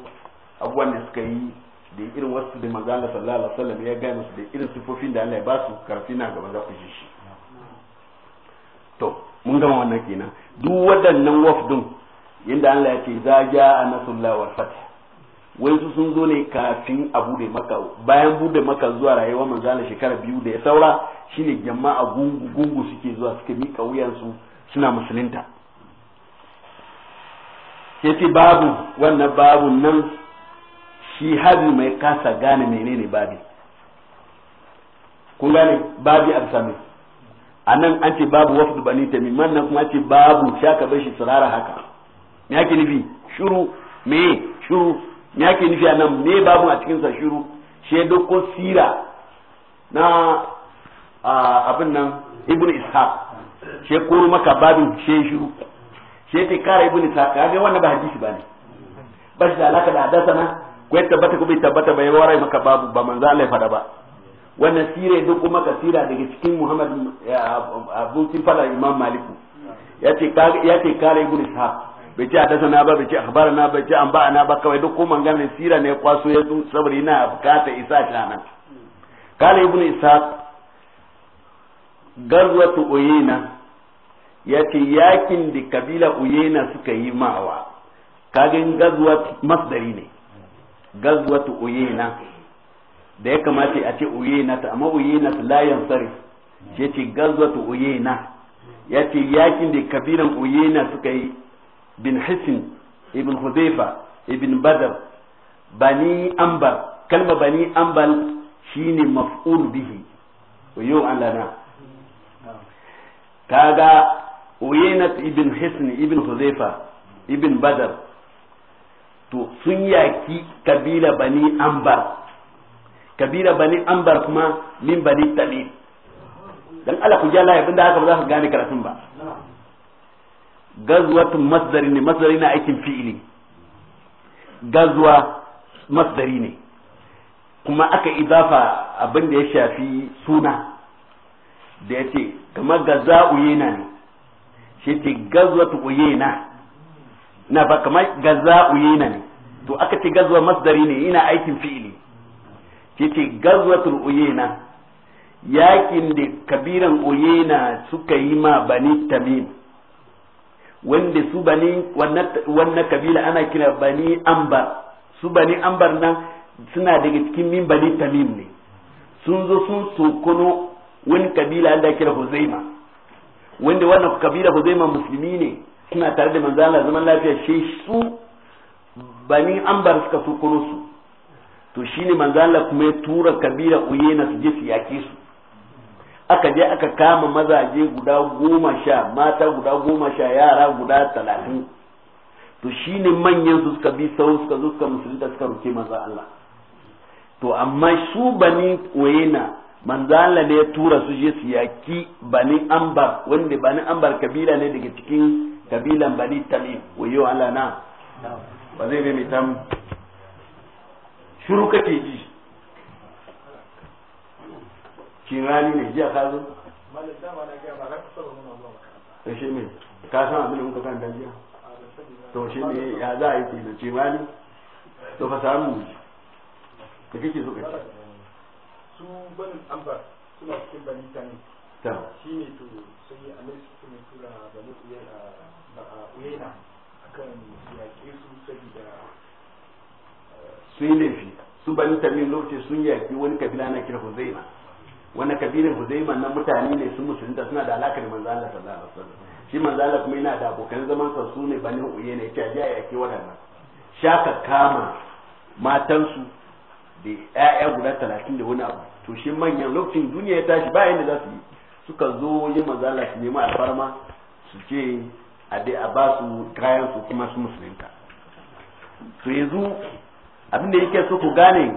abubuwan da suka yi da irin wasu da manzo Allah sallallahu alaihi wasallam ya gaya musu da irin sufofin da Allah ya ba su karfi na gaba za ku ji shi to mun gama wannan kenan duk waɗannan wafdun yadda Allah ya ce za ja nasrullahi wal fath wai su sun zo ne kafin a bude maka bayan bude maka zuwa rayuwar manzo Allah shekara biyu da ya saura shine jama'a gungu gungu suke zuwa suka mika wuyansu suna musulunta yace babu wannan babu nan shi hadin mai kasa gane menene babi kun gane babi a bisa mai a nan an ce babu wafdu bani tamim nan kuma ce babu shaka bai shi tsirara haka me yake nufi shuru me shuru me yake nufi a nan me babu a cikinsa shuru she doko sira na abin nan ibnu ishaq she koro maka babin she shuru she ce kara ibnu ishaq ga wannan ba hadisi bane ba shi da alaka da na. ko ya tabbata ko bai tabbata bai warai maka babu ba man Allah fada ba wannan sire duk kuma sira daga cikin Muhammad ya Abu Sifala Imam Maliku yace ka yace kare ibn Ishaq bai ce hadasa na ba bai ce akhbar na bai ce an ba na ba kawai duk kuma ganin sira ne kwaso ya zo saboda yana bukata isa shanan kare ibn Ishaq garwatu uyina yace yakin da kabila uyina suka yi mawa kagin gazuwa masdari ne gazwatu uyina da ya kamata a ce uyina ta amma uyina ta la yansari ya ce gazwatu uyina ya ce yakin da kabiran uyina suka yi bin hisin ibn huzaifa ibn badar bani ambal kalma bani ambal shine maf'ul bihi yau an lana kaga uyina ibn hisin ibn huzaifa ibn badar to sun yaki kabila bani ambar kabila bani ambar kuma min bani talib dan Allah ku jala yabin da haka ba za ka gane karatun ba gazwatu masdari ne masdari na aikin fi'ili gazwa masdari ne kuma aka idafa abin da ya shafi suna da ya ce kamar gaza'u yana ne shi ce gazwatu uyena na ba kamar gaza yana ne to aka ce gazuwa masdari ne ina aikin fi'ili ce ce gazuwatul uyina yakin da kabiran uyina suka yi ma bani tamim wanda su bani wannan kabila ana kira bani ambar su bani ambar nan suna daga cikin min bani tamim ne sun zo sun sokono wani kabila da kira huzaima wanda wannan kabila huzaima musulmi ne suna tare da manzo Allah zaman lafiya shi su bani ambar suka sukuno su to shine manzo Allah kuma ya tura kabira oyena su je su yake su aka je aka kama mazaje guda goma sha mata guda goma sha yara guda talatin to shine manyan su suka bi sau suka zo suka da suka roke manzo Allah to amma su bani uyena manzala ne ya tura su je su yaki bani ambar wanda bani ambar kabila ne daga cikin kabilan bani tamim wayo Allah na ba zai mai tam shuru kake ji kinani ne jiya ka zo to shi ne ka san abin da muka kan jiya to shi ne ya za a yi ke kinani to fa samu ji da kake so ka ce su banin ambar suna cikin bani tamim shi ne to sai a mai su tura bani a yana akan yaƙe su saboda eh, yi laifi su bani tabi'in lokaci sun yaƙi wani kabila na kira huzaima wani kabilan huzaima na mutane ne sun musulunta suna da alaƙa da manzo Allah sallallahu alaihi wasallam shi manzo Allah kuma yana da abokan zaman sa su ne bani uyena yace a ya yaƙi waɗannan shaka kama matansu da ƴaƴa guda talatin da wani abu to shi manyan lokacin duniya ya tashi ba yadda za su yi suka zo yin manzo Allah su nemi alfarma su ce a dai a ba su kayan su kuma su musulunta to yanzu abin da yake so ku gane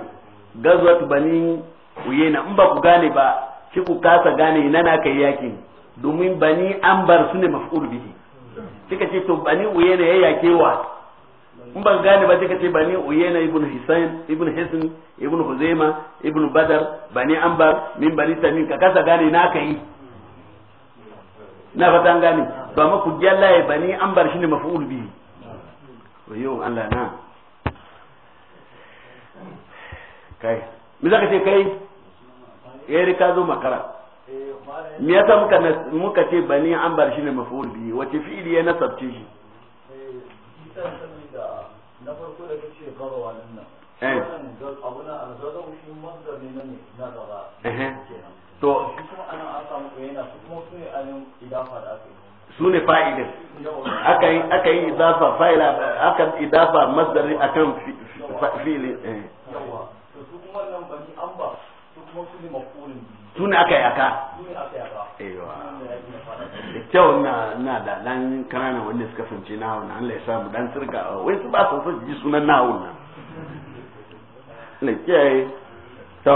gazuwatu bani uyena in ba ku gane ba shi ku kasa gane ina na kai yakin domin bani an bar su ne maf'ul bihi kika ce to bani uyena ya yake wa in ba gane ba kika ce bani uyena ibn hisain ibn hisan ibn huzaima ibn badar bani bar min bani tamim ka kasa gane na kai na fata an gane ba ma ku jallaye ba ne an bar shi ne mafi'ul bihi yau Allah na kai me zaka ce kai yayi eh, ka zo makara me yasa muka muka ce bani an bar shi ne mafi'ul bihi wace fi'ili ya nasabce shi na eh. eh. to su ne fa’idin aka yi aka yi idafa fa'ila aka idafa masdari akan fi'ili eh. su ne aka yi aka kyau na na da dan kanana wanda suka fahimci na hauna Allah ya samu dan sirka wai su ba su ji sunan na hauna ne kiyaye to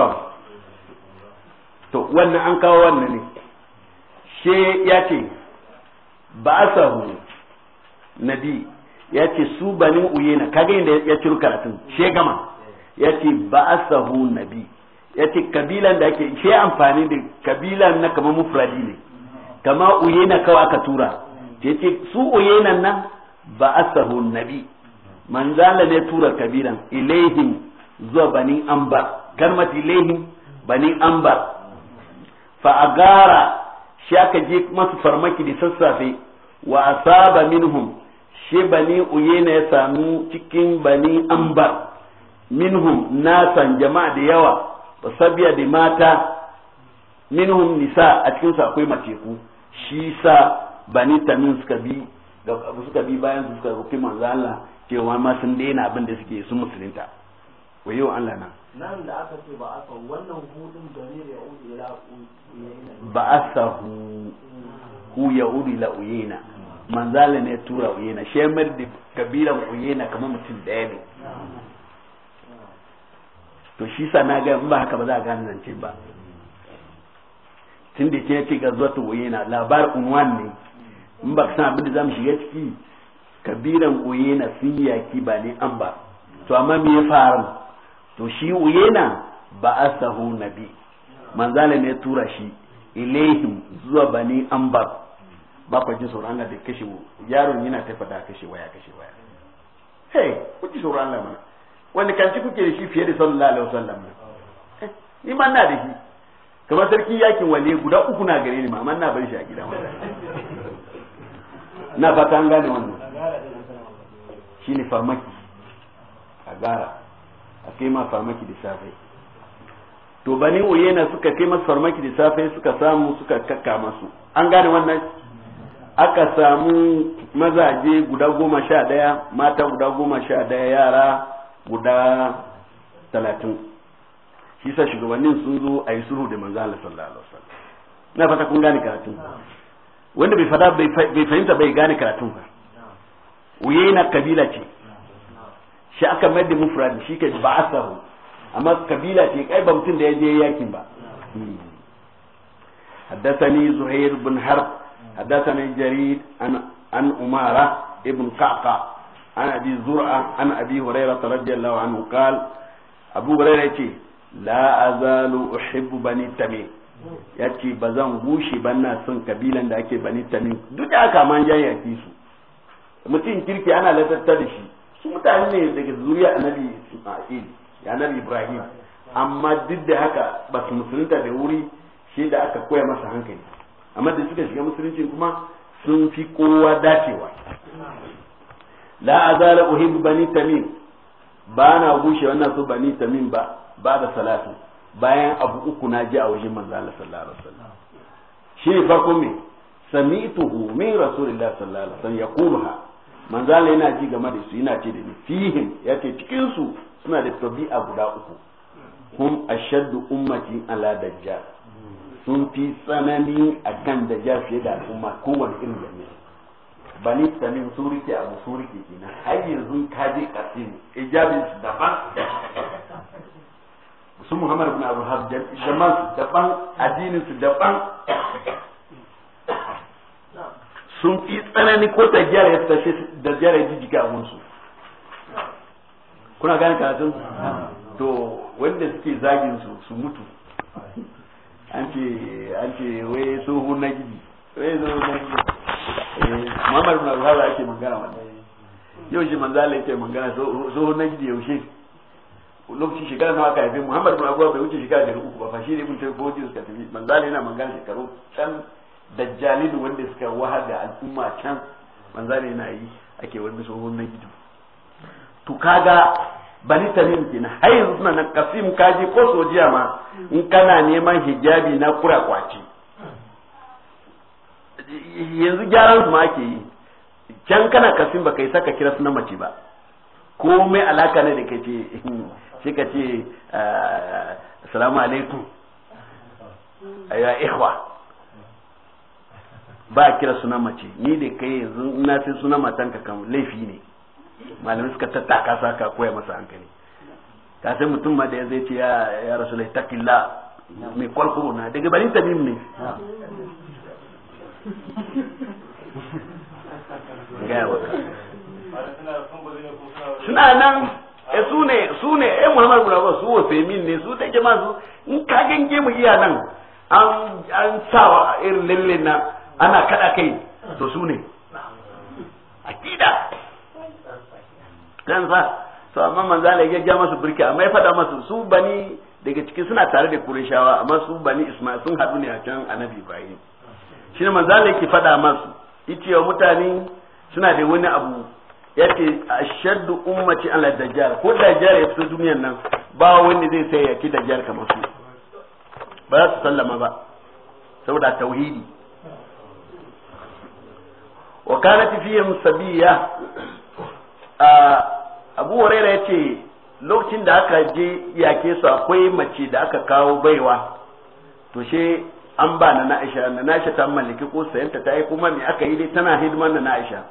to wannan an kawo wannan ne she ya ce ba'asahu nabi ya ce su banin uyena kaga inda ya ciro karatun she gama ya ce ba'asahu nabi ya ce kabilan da ake she amfani da kabilan na kamar mufradi ne kama uyena kawa aka tura ya ce su uyena nan ba'asahu nabi manzala ne tura kabilan ilaihim zuwa banin ambar kalmati ilaihim banin ambar fa agara shi aka je masu farmaki da sassafe wa asaba minhum shi bani uyena ya samu cikin bani ambar minhum san jama'a da yawa basabiya da mata minhum nisa a cikin su akwai mateku shi sa bani tamin suka bi da suka bi bayan su suka rufe manzo Allah cewa ma sun daina abin da suke su musulunta wayo Allah na nan da aka ce ba aka wannan hudun damir ya udu ila ba asahu hu ya udu ila uyena manzala ne tura uyena shemar da kabilan uyena kamar mutum daya ne to shi sa na ga ba haka ba za a gane ce ba tun da ke ce gazuwatu uyena labar unwan ne in ba ka san abin da za mu shiga ciki kabilan uyena sun yaki ba ne an ba to amma me ya faru to shi na ba na nabi manzala ne tura shi ilaihim zuwa bani ambar ba ku ji tsoron da kashe yaron yana ta fada kashe waya kashe waya hey ku ji tsoron Allah mana wanda kanci kuke da shi fiye da sallallahu alaihi wasallam ne eh, ni ma na da shi kamar sarki yakin wale guda uku na gare ni ma amma na bar shi a gida na fata an gane wannan shine farmaki a gara a kai ma farmaki da safe to bani uyena suka kai masa farmaki da safe suka samu suka kakka masu an gane wannan aka samu mazaje guda goma sha daya mata guda goma sha daya yara guda talatin shi sa shugabannin sun zo a yi suru da manzan Allah sallallahu alaihi na fata kun gane karatun wanda bai fada bai fahimta bai gane karatun ba uyena kabila ce shi aka mai da mufradi shi ke ba a amma kabila ce kai ba mutum da ya je yakin ba haddathani zuhair bin harb haddathani jarid an an umara ibn qaqa an abi zur'a an abi huraira radiyallahu anhu qal abu huraira yace la azalu uhibbu bani tamim yace ba zan gushe ba kabilan da ake bani tamim duk aka man yaki su mutum kirki ana latatta da shi su mutane ne daga zuriya annabi Isma'il ya nabi Ibrahim amma duk da haka ba su musulunta da wuri shi da aka koya masa hankali amma da suka shiga musulunci kuma sun fi kowa dacewa la azala uhibbu bani tamim ba na gushe wannan su bani tamim ba ba da salatu bayan abu uku na ji a wajen manzo Allah sallallahu alaihi wasallam shi farko me sami'tuhu min rasulillahi sallallahu alaihi wasallam yaquluha manzala yana ji game da su yana ce da ni fihim ya ce cikin su suna da tabi'a guda uku hum ashaddu ummati ala dajjal sun fi tsanani akan dajjal fiye da al'umma kowane irin jami'a bani tamim sun abu sun kina kenan har yanzu kaji kasim ijabin su daban su muhammad ibn abu hab jaman su daban addinin su daban sun fi tsanani ko gyara ya tashe gyara ya jijjiga wunsu kuna gane karatun to wanda suke zagin su su mutu an ce an ce waye tsohon na gidi waye tsohon na gidi eh, Muhammad ibn Abu Hawla ake magana wannan yau shi manzo Allah yake magana tsohon na gidi yaushe lokacin shekara nawa aka haife Muhammad ibn Abu bai wuce shekara da uku ba fa shi ne ibn ko suka tafi manzo Allah yana magana shekaru can dajjalin wanda suka wahar da al'umma can manza ne yana yi ake wanda tsohon na gido to kaga bani tamim din har na suna nan kasim kaji ko sojiya ma in kana neman hijabi na kura kwaci yanzu gyaran su ma ake yi can kana kasim ba kai saka kira sunan mace ba komai alaka ne da kai shi ka ce ah, assalamu alaikum ayya ikhwa ba kira suna mace ni da kai yanzu na sai suna matan ka kan laifi ne malami suka tattaka sa ka koya masa hankali ka sai mutum ma da ya zai ce ya ya rasulai takilla mai kwalkuru na daga bari tamim ne wa suna nan e su ne su ne e muhammad bin su wa ne su take masu su in ka gange mu iya nan an an sawa irin lalle na ana kaɗa kai to su ne akida kansa to amma manzala ya ja masu birki amma ya fada masu su bani daga ciki suna tare da kurishawa amma su bani isma'il sun haɗu ne a can annabi ibrahim shi ne manzala yake fada masu yace wa mutane suna da wani abu yace ashaddu ummati ala dajjal ko dajjal ya fito duniyar nan ba wanda zai sai yaki dajjal kamar su ba su sallama ba saboda tauhidi wa kanat fihim sabiya abu ya yace lokacin da aka je yake su akwai mace da aka kawo baiwa to she an ba na na'isha na na'isha ta mallaki ko sayanta ta yi kuma me aka yi dai tana hidimar na na'isha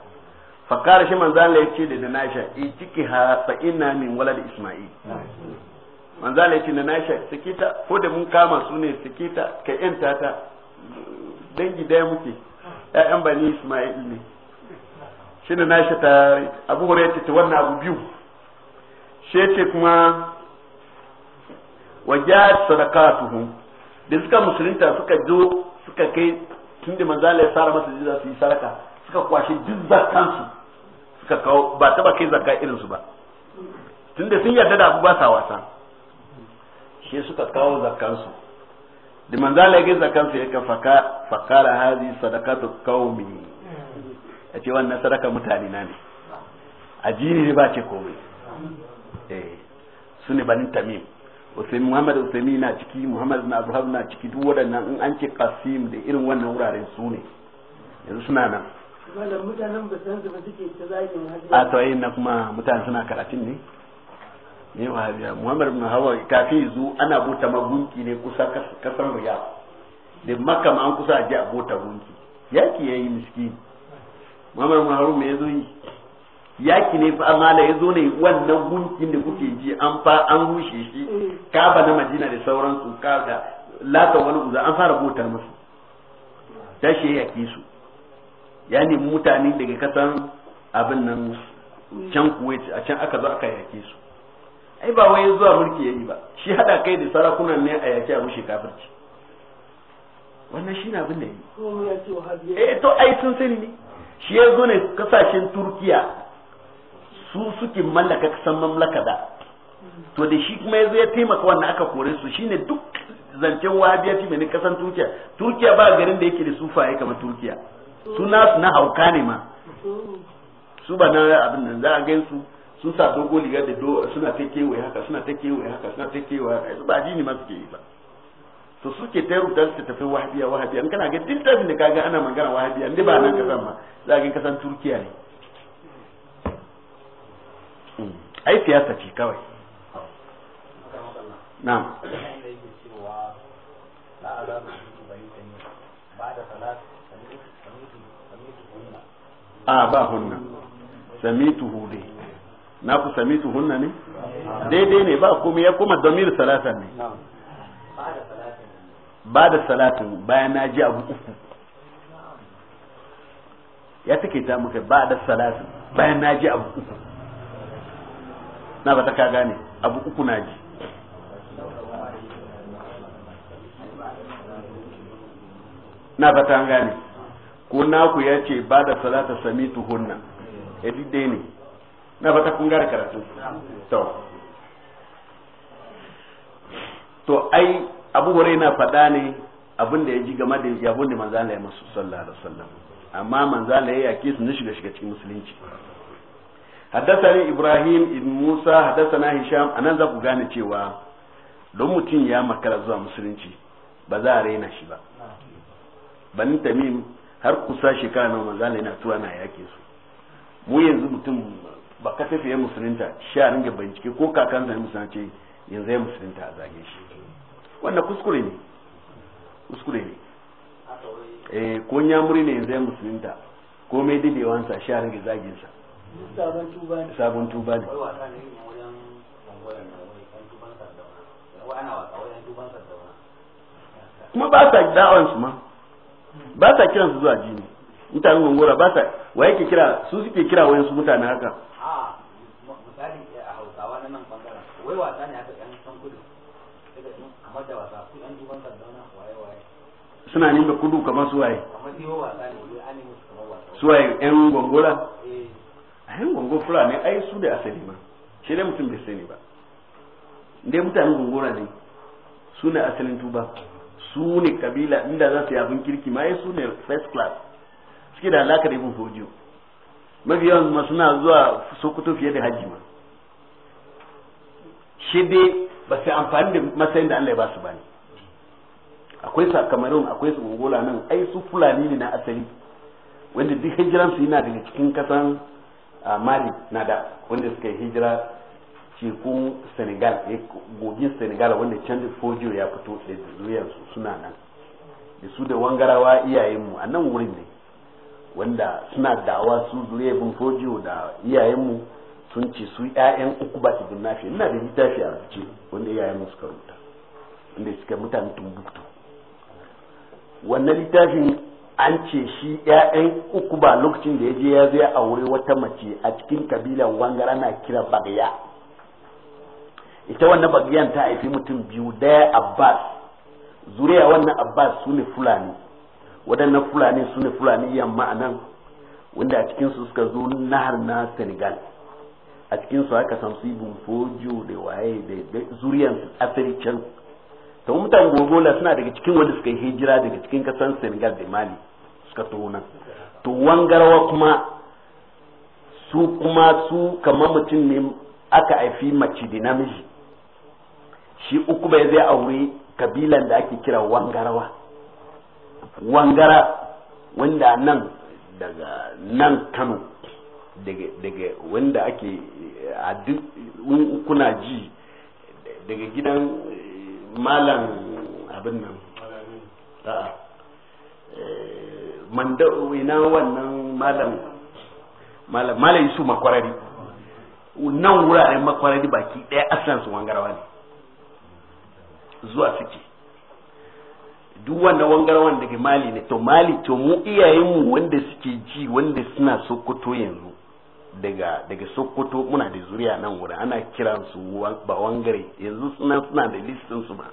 fakara shi manzo Allah yace da na'isha i ciki ha fa inna min walad isma'i manzo Allah yace na na'isha sikita ko da mun kama su ne sikita ka yanta ta dangi daya muke ƴaƴan bani Isma'il ne shi ne nashi ta abu hore ce ta wannan abu biyu shi ce kuma wa ja'at sadaqatuhum da suka musulunta suka zo suka kai tun da manzala ya fara masa jiza su yi saraka suka kwashi duk zakansu suka kawo ba taba kai zakka irin su ba tun da sun yarda da abu ba sa wasa shi suka kawo zakansu da manzala ya zakan kansa ka faka fakara hazi sadakatu qaumi ya ce wannan sadaka mutane na ne ajini ne ba ce komai eh su ne banin tamim usaimi muhammad usaimi na ciki muhammad na abu na ciki duk waɗannan in an ce qasim da irin wannan wuraren su ne yanzu suna nan mutanen ba san su ba suke ta zagin a to na kuma mutane suna karatun ne ne wahabiya muhammad ibn hawa kafin zu ana bota magunki ne kusa kasar riya da makam an kusa a je a bota gunki yaki yayi miski muhammad ibn hawa me yazo yi yaki ne fa amala yazo ne wannan gunkin da kuke ji an fa an rushe shi kaba na madina da sauransu kaga lata wani uza an fara botar musu tashi yaki su yani mutane daga kasan abin nan can kuwait a can aka zo aka yake su ai ba wai zuwa mulki yayi ba shi hada kai da sarakunan ne a yaki a mushi kafirci wannan shi na bin da yi eh to ai sun sani ne shi ya zo ne kasashen turkiya su suke mallaka kasan mamlaka da to da shi kuma ya zo ya taimaka wannan aka kore su shine duk zancen wahabiyaci mai kasan turkiya turkiya ba garin da yake da sufaye kamar turkiya su nasu na hauka ne ma mm. su ba na abin nan za a gaisu sun sa dogo liga da suna ta kewaye haka suna ta kewaye haka suna ta kewaye haka su ba addini ma suke yi ba to suke ta rubuta su tafi wahabiya wahabiya kana ga tafi da kaga ana magana wahabiya inda ba nan kasan ma za ga kasan turkiya ne hmm. ai siyasa ce kawai na'am a ah, ba hunna samitu dai na ku sami su hunna ne daidai ne ba kuma ya kuma domin salatan ne ba da salatin bayan na ji abu uku ya take ta muka ba da salatin bayan na ji abu uku na ba ta ka gane abu uku na ji na ba ta gane ko naku ya ce ba da salata sami tuhunna ya dai ne na ta kunga da karatu to to ai abu hore na faɗa ne abin da ya ji game da yabon da manzo Allah ya masu sallallahu alaihi wasallam amma manzo Allah ya yake su shiga shiga cikin musulunci Ibrahim, Ibrahim Musa, موسى hisham anan za ku gane cewa don mutum ya makara zuwa musulunci ba za a raina shi ba banin tamim har kusa shekara na Allah yana tuwa na yake su mu yanzu mutum ba ka tafiye musulunta shi a ringa bincike ko kakan zai musulunta ce yanzu ya musulunta a zage shi wannan kuskure ne kuskure ne eh ko nyamuri ne yanzu ya musulunta ko mai didewansa shi a ringa zagin sa sabon tuba ne kuma ba sa su ma ba sa kiransu zuwa jini mutanen gongora ba sa wa yake kira su suke kira su mutane haka a misali eh, a hausawa na nan bangaren wai wasa ne aka yan san kudu daga kamar da wasa ku yan duban sardauna waye waye suna ninka kudu kamar su waye. kamar yi wasa ne wai an yi kamar wasa Su suwaye yan gongora eh. a yan gongora ne ai su da asali ma shi dai mutum bai sani ba dai mutanen gongora ne su ne asalin tuba su ne kabila inda za su yi abin kirki ma yi su ne first class suke da alaka da ibn fojiyo mafi yawan suna zuwa sokoto fiye da hajji ma shi dai ba sai amfani da matsayin da Allah ya ba su ne akwai kamarun akwai su gogola nan ai su fulani ne na asali wanda duk hijiran su yana daga cikin kasan ah, mali na da wanda suka yi hijira cikin senegal gogin senegal wanda can fojo ya fito da zuriyarsu suna nan da su da wangarawa iyayenmu a nan wurin ne wanda suna dawa su zuriya bin fojiyo da iyayenmu sun ce su ƴaƴan uku ba su bin nafi ina da littafi a rubuce wanda iyayenmu suka rubuta inda suka mutane tumbuktu wannan littafin an ce shi ƴaƴan uku ba lokacin da ya je ya zai aure wata mace a cikin kabilan wangara na kira bagaya ita wannan bagayan ta haifi mutum biyu daya abbas zuriya wannan abbas su ne fulani waɗannan fulani su ne fulani yamma a nan wanda a cikinsu suka zo nahar na senegal a cikinsu aka samsu ibn fojo da waye da zuriyar asiri can to mutane gogola suna daga cikin wanda suka yi hijira daga cikin kasan senegal da mali suka taho nan to wangarawa kuma su kuma su kamar mutum ne aka haifi mace da namiji shi uku bai zai aure kabilan da ake kira wangarawa wangara wanda nan daga nan kano daga wanda ake eh, a duk kuna ji daga gidan eh, malam abin nan eh, manda ina wannan malam malam su makwarari nan wuraren makwarari baki ɗaya asan su wangarawa ne zuwa suke duk wannan wanda daga mali ne to mali to mu iyayenmu wanda suke ji wanda suna sokoto yanzu daga daga sokoto muna da zuriya nan wurin ana kiran su ba wangare yanzu suna suna da listin su ba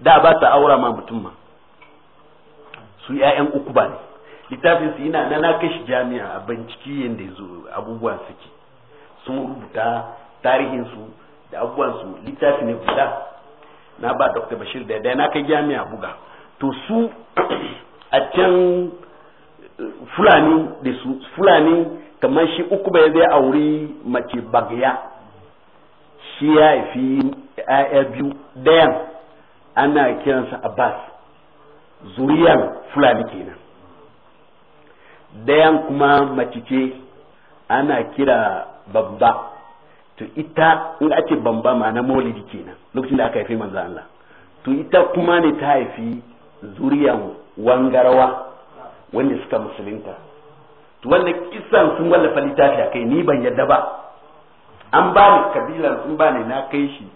da ba ta aura ma mutum ma su ƴaƴan uku ba ne littafin su yana na na kashi jami'a a binciki yanda yazo abubuwan suke sun rubuta tarihin su da abubuwan su littafi ne guda na ba dr bashir da na kai jami'a buga to su a can eh, fulani da su fulani kamar shi uku bai zai auri mace bagya shi ya fi ya'ya biyu dayan ana kiransa abbas zuriyan fulani kenan dayan kuma mace ce ana kira babba to ita in ake bamba ma na maulidi kenan lokacin da aka haifi manzo Allah to ita kuma ne ta haifi zuriyan wangarawa wanda suka musulunta to wanda kisan sun wallafa littafi a kai ni ban yadda ba an ba ni kabilan sun ba ni na kai shi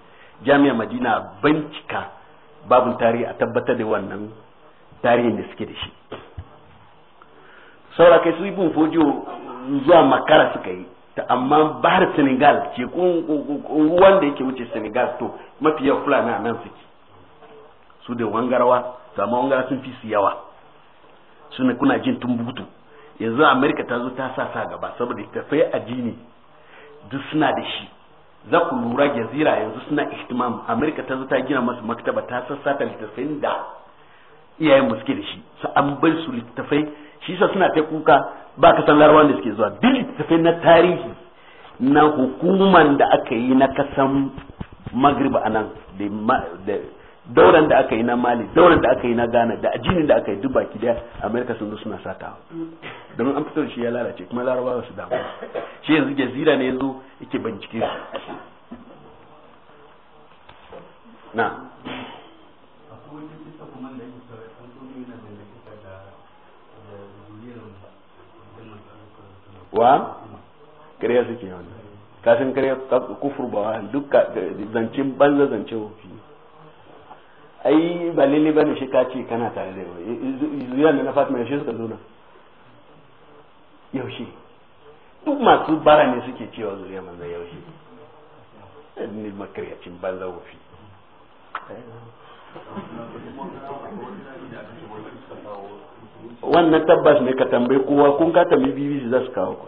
jami'a madina bincika babu tarihi a tabbatar da wannan tarihin da suke da shi saura kai su ibn fojo zuwa makara suka yi ta amma bahar senegal ce ruwan da yake wuce senegal to mafi yawan fulani a nan suke su da wangarawa amma wanga sun fi su yawa suna kuna jin tumbutu yanzu amerika ta zo ta sa sa gaba saboda tafai addini duk suna da shi za ku lura jazira yanzu suna ihtimam amerika ta zo ta gina masu maktaba ta ta littafin da iyayen mu suke da shi su an bar su littafai shi sa suna ta kuka ba ka san larabawan da suke zuwa duk littafai na tarihi na hukuman da aka yi na kasan magriba anan da dauran da aka yi na mali dauran da aka yi na ghana da ajinin da aka yi duk baki daya amerika sun zo suna sata domin an fito da shi ya lalace kuma larabawa su damu shi yanzu jazira ne yanzu yake bincike su na wa kariya suke yawon kasan kariya kufur bawa duk zancen banza zancen wofi ai ba lalle ba ne shi ka ce kana tare da eh, eh, zuriyar da na fatima shi suka zo nan yaushe duk masu bara ne suke cewa zuriya manzan yaushe ne makaryacin banza wofi wannan tabbas ne ka tambayi kowa kun ka tambayi bbc za su kawo ku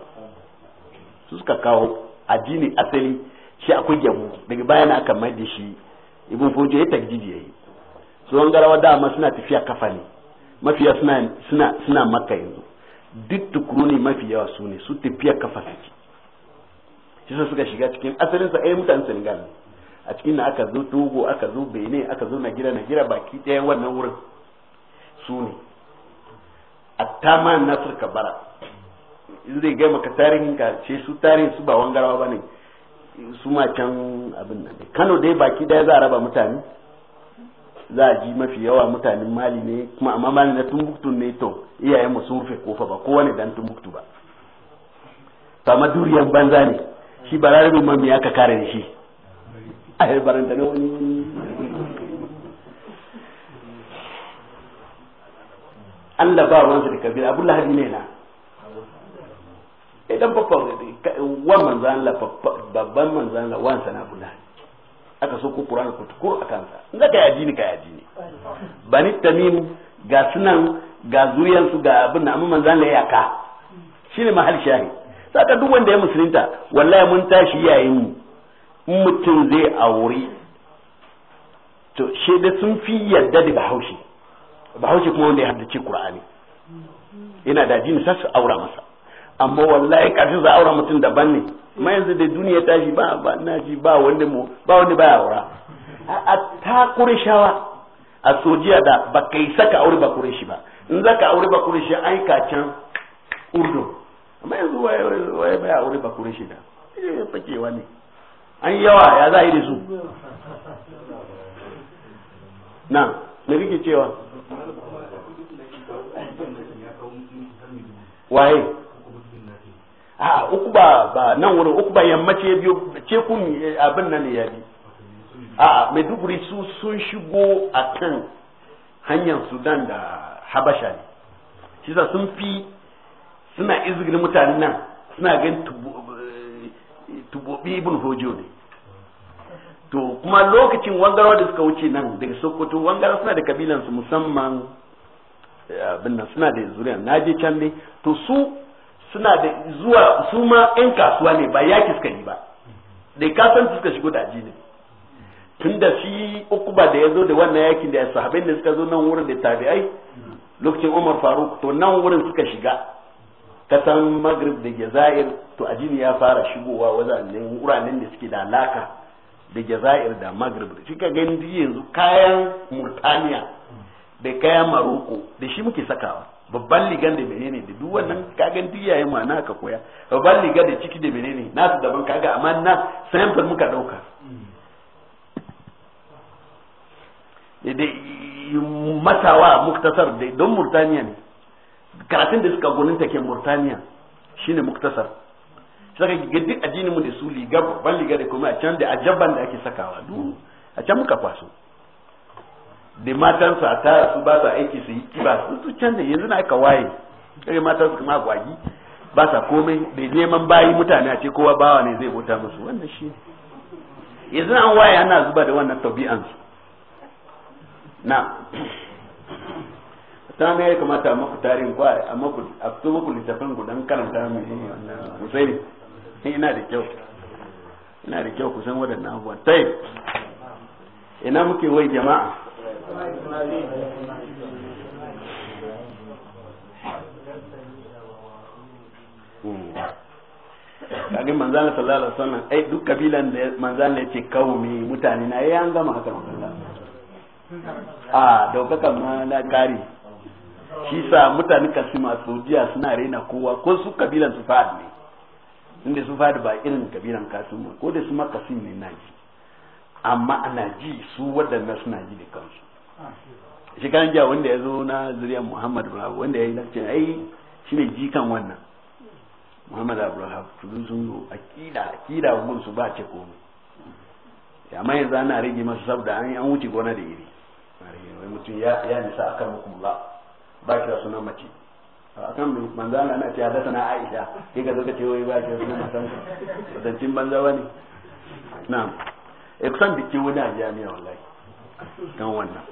su suka kawo addini asali shi akwai gyamu daga bayan aka mai da shi ibn fojo ya takjidi yayi tsohon garawa dama suna tafiya kafa ne mafiya suna suna suna makka yanzu duk tukuru ne mafi yawa su ne su tafiya kafa suke shi suka shiga cikin asalin sa ayi mutanen Senegal a cikin na aka zo Togo aka zo Benin aka zo Nigeria Nigeria baki daya wannan wurin su ne attama nasir kabara in zai gaya maka tarihin ka ce su tarihin su ba wangarawa ne su ma can abin nan kano dai baki daya za a raba mutane za a ji mafi yawa mutanen mali ne kuma amma mali na tumbuktu ne to iyayen mu sun rufe kofa ba kowane dan tumbuktu ba to amma banza ne shi bararabin mami aka kare shi a baranta na wani Allah ba wansa da kabila abu lahadi ne na idan eh, babban eh, wan manzo Allah babban manzo Allah wansa na abu lahadi aka so ko Qur'an ku tukur a kansa in ka yaji ni ka yaji ni bani tamim ga sunan ga zuriyan su ga abin amma manzan la yaka shine mahal shahi saka duk wanda ya musulunta wallahi mun tashi yayin mu in mutum zai aure to shi da sun fi yadda da bahaushe bahaushe kuma wanda ya haddace Qur'ani yana da addini sai su aura masa amma wallahi kafin za aura mutum daban ne amma yanzu da duniya ta shi ba ba na shi ba wanda mu ba wanda baya aura a ta kurishawa a sojiya da ba kai saka aure ba kurishi ba in zaka aure ba kurishi ai ka can urdu amma yanzu waye baya aure ba kurishi da eh, fake ne an yawa ya za a yi da su na me kike cewa waye a uku ba ba nan wuri uku ba yammaci ya biyo ce kun eh, abin nan ya bi a maiduguri su sun shigo a kan hanyar sudan da habasha ne shi sun fi suna izgin mutanen nan suna gan tubobi eh, ibn hojo ne to kuma lokacin wangarwa da suka wuce nan daga sokoto wangarwa suna da kabilansu musamman eh, abin nan suna da zuriya na je can ne to su suna da zuwa su ma 'yan kasuwa ne ba yaki suka yi ba da kasan suka shigo da addini tun da shi ukuba da ya zo da wannan yakin da sahabin da suka zo nan wurin da tabi'ai lokacin umar faruk to nan wurin suka shiga kasan maghrib da jazair to ajini ya fara shigowa wajen wuranen da suke da alaka da jazair da maghrib shi ka gani yanzu kayan murtaniya da kayan maroko da shi muke sakawa babban ligan da menene da duk wannan kagan duk yayin ma na ka koya babban liga da ciki da menene su daban kaga amma na sample muka dauka da matawa muktasar don murtaniya ne karatun da suka goninta ke murtaniya shine muktasar saka ga duk addinin mu da su liga babban liga da kuma a can da ajabban da ake sakawa duk a can muka kwaso da matansa a tara su ba su aiki su yi kiba su su canza yanzu na aka waye sai matan su kuma gwagi ba sa komai da neman bayi mutane a ce kowa bawa ne zai bota musu wannan shi yanzu an waye ana zuba da wannan tabi'an su na ta ne ya kamata a maku tarin kwa a maku a su maku littafin gudan karanta mu ne wannan musai ne ina da kyau ina da kyau kusan waɗannan abubuwan tai ina muke wai jama'a kage manzana sallallahu alaihi wasallam ai duk kabilan da manzana yace kaumi mutane na yayin gama haka a daukaka ma na kare shi sa mutane kasima saudiya suna raina kowa ko su kabilan su fa'ad ne inda su fa'ad ba irin kabilan kasim ko da su ma kasim ne naji amma ana ji su waɗannan suna ji da kansu shekaran jiya wanda ya zo na zuriya muhammad abu wanda ya yi lakcin ai shi ne jikan wannan muhammad abu rahab tudu sun zo a a akida gun su ba ce komi ya amma yanzu ana rage masu saboda an yi an wuce gona da iri wai mutum ya nisa a kan mukulla ba shi kira sunan mace akan manzo Allah na ce hadasa na Aisha kai ka zaka ce wai ba shi kira sunan matan wadancin banza ne na'am iksan eh, biki wani a jami'a wallahi kan wannan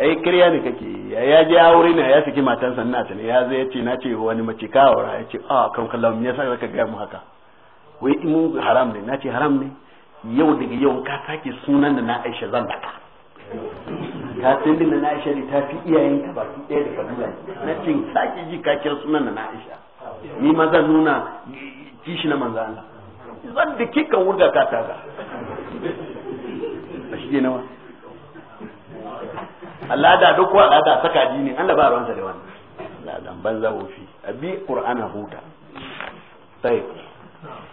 ai kirya ne kake ya je aure ne ya saki matan na ta ne ya zai ce na ce wani mace ka aura ya ce a kan kallon me yasa zaka ga mu haka wai in haram ne na ce haram ne yau daga yau ka sake sunan da na Aisha zan daka ka san din na Aisha ne ta fi iyayen ka baki ɗaya da kabila na ce sake ji ka kira sunan da na Aisha ni ma zan nuna kishi na manzo Allah zan da kika wurga ka taga shi ne nawa Allah da duk wa da saka dini Allah ba ruwansa da wannan Allah dan banza wofi abi qur'ana huta tayyib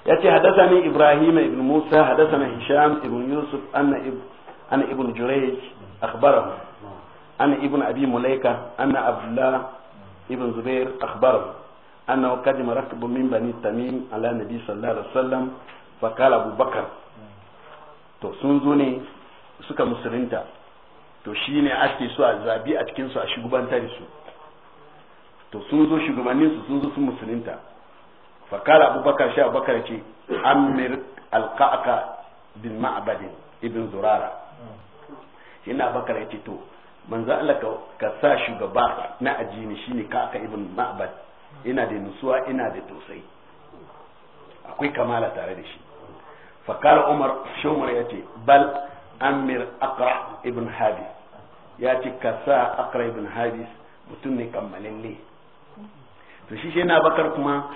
yace hadathani ibrahim ibn musa hadathana hisham ibn yusuf anna ibn anna ibn jurayj ibn abi mulaika abdullah ibn zubair akhbarahu anna qad marakabu min bani tamim ala nabi sallallahu alaihi wasallam abubakar to sun zo ne suka musulunta to shi shine ake so a zabi a cikin su a shugabantar su to sun zo shugabannin su sun zo sun musulunta fakala abubakar sha abubakar ce amir alka'aka bin ma'abadin ibn zurara Ina abubakar ya ce to manzo Allah ka sa shugaba na ajini shine ka'aka ibn ma'bad ina da nutsuwa ina da tosai akwai kamala tare da shi fakar umar shomar ya ce bal amir akra ibn habis ya ce ka sa akra ibn habis mutum ne kammalalle to shi shi na bakar kuma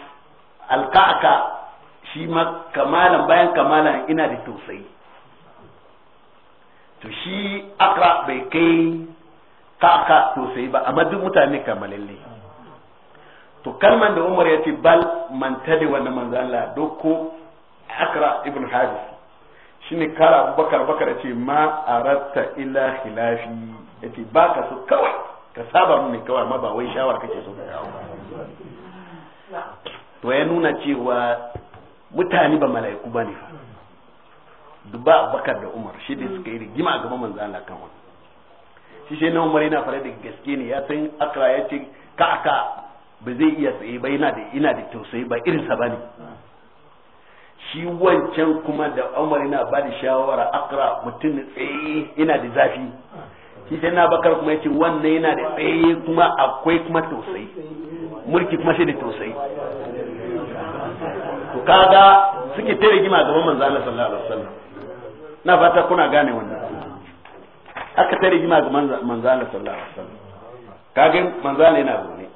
alka'aka shi ma kamalan bayan kamalan ina da tausayi to shi akra bai kai ka'aka tausayi ba amma duk mutane kammalalle to kalman da umar ya ce bal mantade da wannan manzo Allah dokko akra ibn habis shine kara abubakar bakar ce ma aratta ila khilafi yace ba ka so kawai ka saba mun kawai ma ba wai shawar kake so ka yawo to ya nuna cewa mutane ba mala'iku ba ne fa duba bakar da umar shi da suka yi rigima gaban manzo Allah kan wani shi shi na umar yana fara da gaske ne ya san akra ya ce ka aka ba zai iya tsaye ba yana da ina da tausayi ba irin sa bane shi wancan kuma da umar yana ba da shawara akra mutum tsaye ina da zafi shi sai na bakar kuma yace wannan yana da tsaye kuma akwai kuma tausayi mulki kuma sai da tausayi to kaga suke tare gima gaban manzo Allah sallallahu alaihi wasallam na fata kuna gane wannan aka tare gima ga manzo Allah sallallahu alaihi wasallam kaga manzo Allah yana gone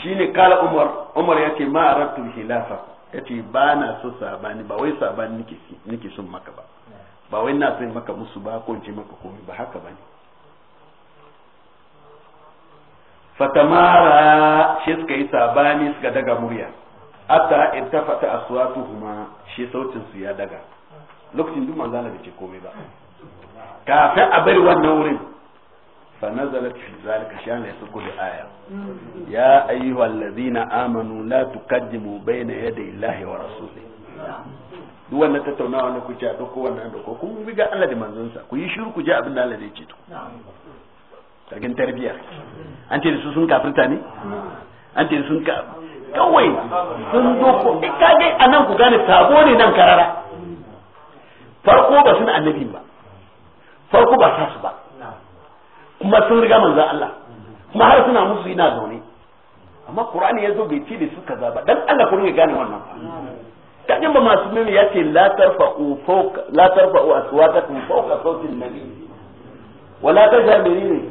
shine kala umar umar yace ma aradtu khilafa ce ba na so sabani ba wai sabani nake nake son maka ba ba wai na son maka musu ba ko ce maka komai ba haka ba ne fatamara shi suka yi sabani suka daga murya hatta suwatu kuma shi sautin su ya daga lokacin duk manzana Allah bai ce komai ba kafin a bari wannan wurin فنزلت في ذلك شان يسوق آية يا أيها الذين آمنوا لا تقدموا بين يدي الله ورسوله duk wannan tattaunawa na kuce duk wannan da kun bi ga Allah da manzonsa ku yi shiru ku ji abin da Allah zai ce to kagin tarbiya an ce su sun kafirta ne an ce sun ka kawai sun doko ka a anan ku gane sabo ne nan karara farko ba sun annabi ba farko ba sa su ba kuma sun riga manzo Allah kuma har suna musu ina zaune amma Qur'ani yazo bai ce da suka zaba dan Allah ku ringa gane wannan kaje ba masu mimi yace la tarfa'u fawqa la tarfa'u aswatakum fawqa sawtin nabi wala tajamiri ne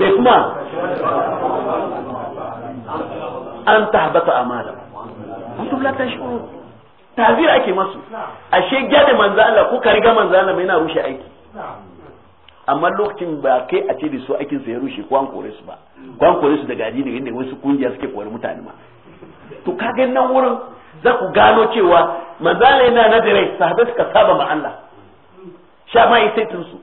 me kuma an tahbata amala mutum la tashuru tazira ake masu ashe gyade manzo Allah ko ka riga manzo Allah mai na rushe aiki amma lokacin ba kai a ce da su aikin sa ya rushe ko an kore su ba ko an kore su daga addini inda wasu kungiya suke kore mutane ma to ga nan wurin za ku gano cewa manzala yana dare sahabbai suka saba ma Allah sha ma yi su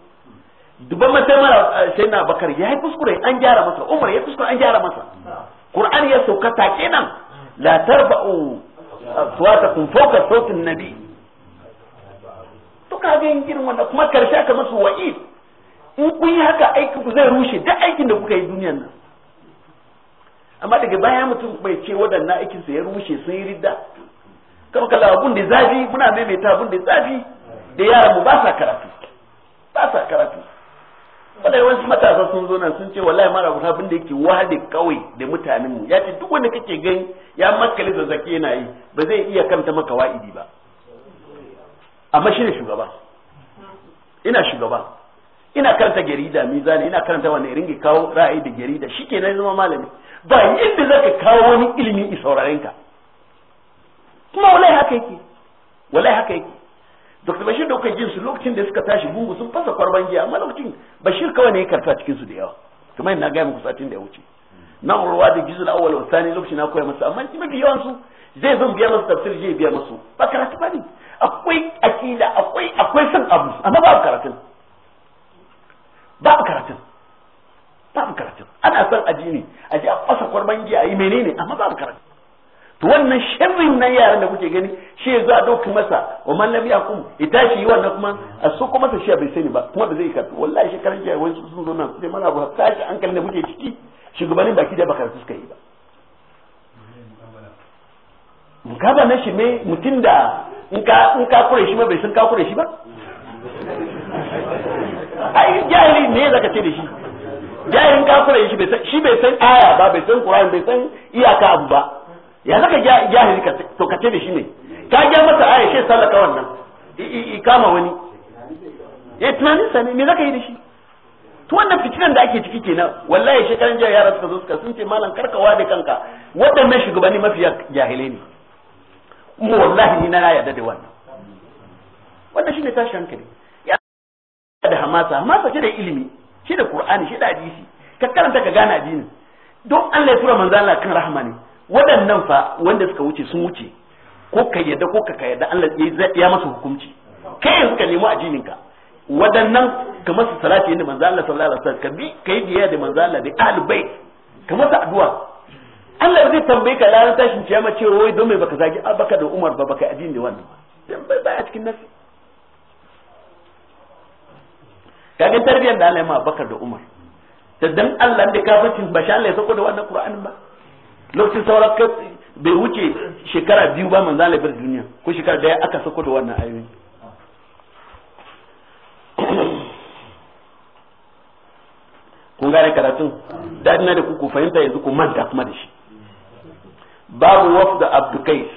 duban masai mara eh, sai na bakar ya yi kuskure an gyara masa umar ya kuskure an gyara masa qur'ani ya sauka ta kenan la tarba'u aswatakum eh, fawqa sawtin nabi to ga yin girman kuma karshe ka masu wa'id in kun yi haka aikinku ku zai rushe duk aikin da kuka yi duniyan nan amma daga baya mutum bai ce waɗannan aikin sa ya rushe sun yi ridda kama kala abun da zafi muna maimaita abun da zafi da yaran mu ba sa karatu ba sa karatu wallahi wasu matasa sun zo nan sun ce wallahi mara guda abin da yake wahale kawai da mutanen mu ya ce duk wanda kake gani ya makale zazzaki yana yi ba zai iya kanta maka wa'idi ba amma shine shugaba ina shugaba ina karanta jarida mizani ina karanta wanda ringi kawo ra'ayi da jarida shikenan zama malami ba yadda zaka kawo wani ilimi i sauraren ka kuma wallahi haka yake wallahi haka yake Dr. Bashir da kuka jin su lokacin da suka tashi bungu sun fasa kwarban jiya amma lokacin Bashir kawai ne ya karta cikin su da yawa kamar na ga muku satin da ya wuce na ruwa da na awwal wa wasani lokacin na koya masa amma mafi yawan su zai zo biya masa tafsir zai biya masu ba karatu ba ne akwai akila akwai akwai san abu amma ba karatun babu karatun babu karatun ana son aji ne aji a kwasa kwarban giya yi menene amma babu karatun to wannan shirin nan yaran da kuke gani shi ya zo a dauki masa wa ya kuma ya tashi yi wannan kuma a so kuma ta shi bai sani ba kuma ba zai karatu wallahi shi karan giya wani sun zo nan sai mana ba tashi hankalin da muke ciki shugabannin baki da ba karatu suka yi ba mukaba na shi ne mutum da in ka kure shi ma bai san ka kure shi ba ai jahili ne zaka ce da shi jahilin kafirai shi bai shi bai san aya ba bai san qur'ani bai san iyaka abu ba ya zaka jahili ka to ka ce da shi ne ka ga masa aya shi sallaka wannan i kama wani eh tunanin sa ne me zaka yi da shi to wannan fitinan da ake ciki kenan wallahi shekaran jiya yara suka zo suka sun ce malam karkawa da kanka waɗannan shugabanni mafiya jahile ne mu wallahi ni na yarda da wannan wannan shine tashi hankali da hamasa hamasa shi da ilimi shi da qur'ani shi da hadisi ka karanta ka gane addini don Allah ya tura manzo Allah kan rahama ne waɗannan fa wanda suka wuce sun wuce ko ka yadda ko ka yadda Allah ya masa hukunci kai yanzu ka nemi addinin ka waɗannan ka masa salati yadda manzo Allah sallallahu alaihi wasallam ka bi kai biya da manzo Allah da ahlul bait ka masa addu'a Allah zai tambaye ka lalata tashin kiyama mace wai don me baka zagi baka da Umar ba baka addini da wannan ba ba a cikin nasi kaga tarbiyyar da Allah ya ma Abubakar da Umar da dan Allah da kafircin ba sha Allah ya sako da wannan Qur'anin ba lokacin sauran bai wuce shekara biyu ba manzo Allah bar duniya ko shekara daya aka sako da wannan ayoyi kun gane karatun daɗi da ku fahimta yanzu ku manta kuma da shi babu wafda abdukai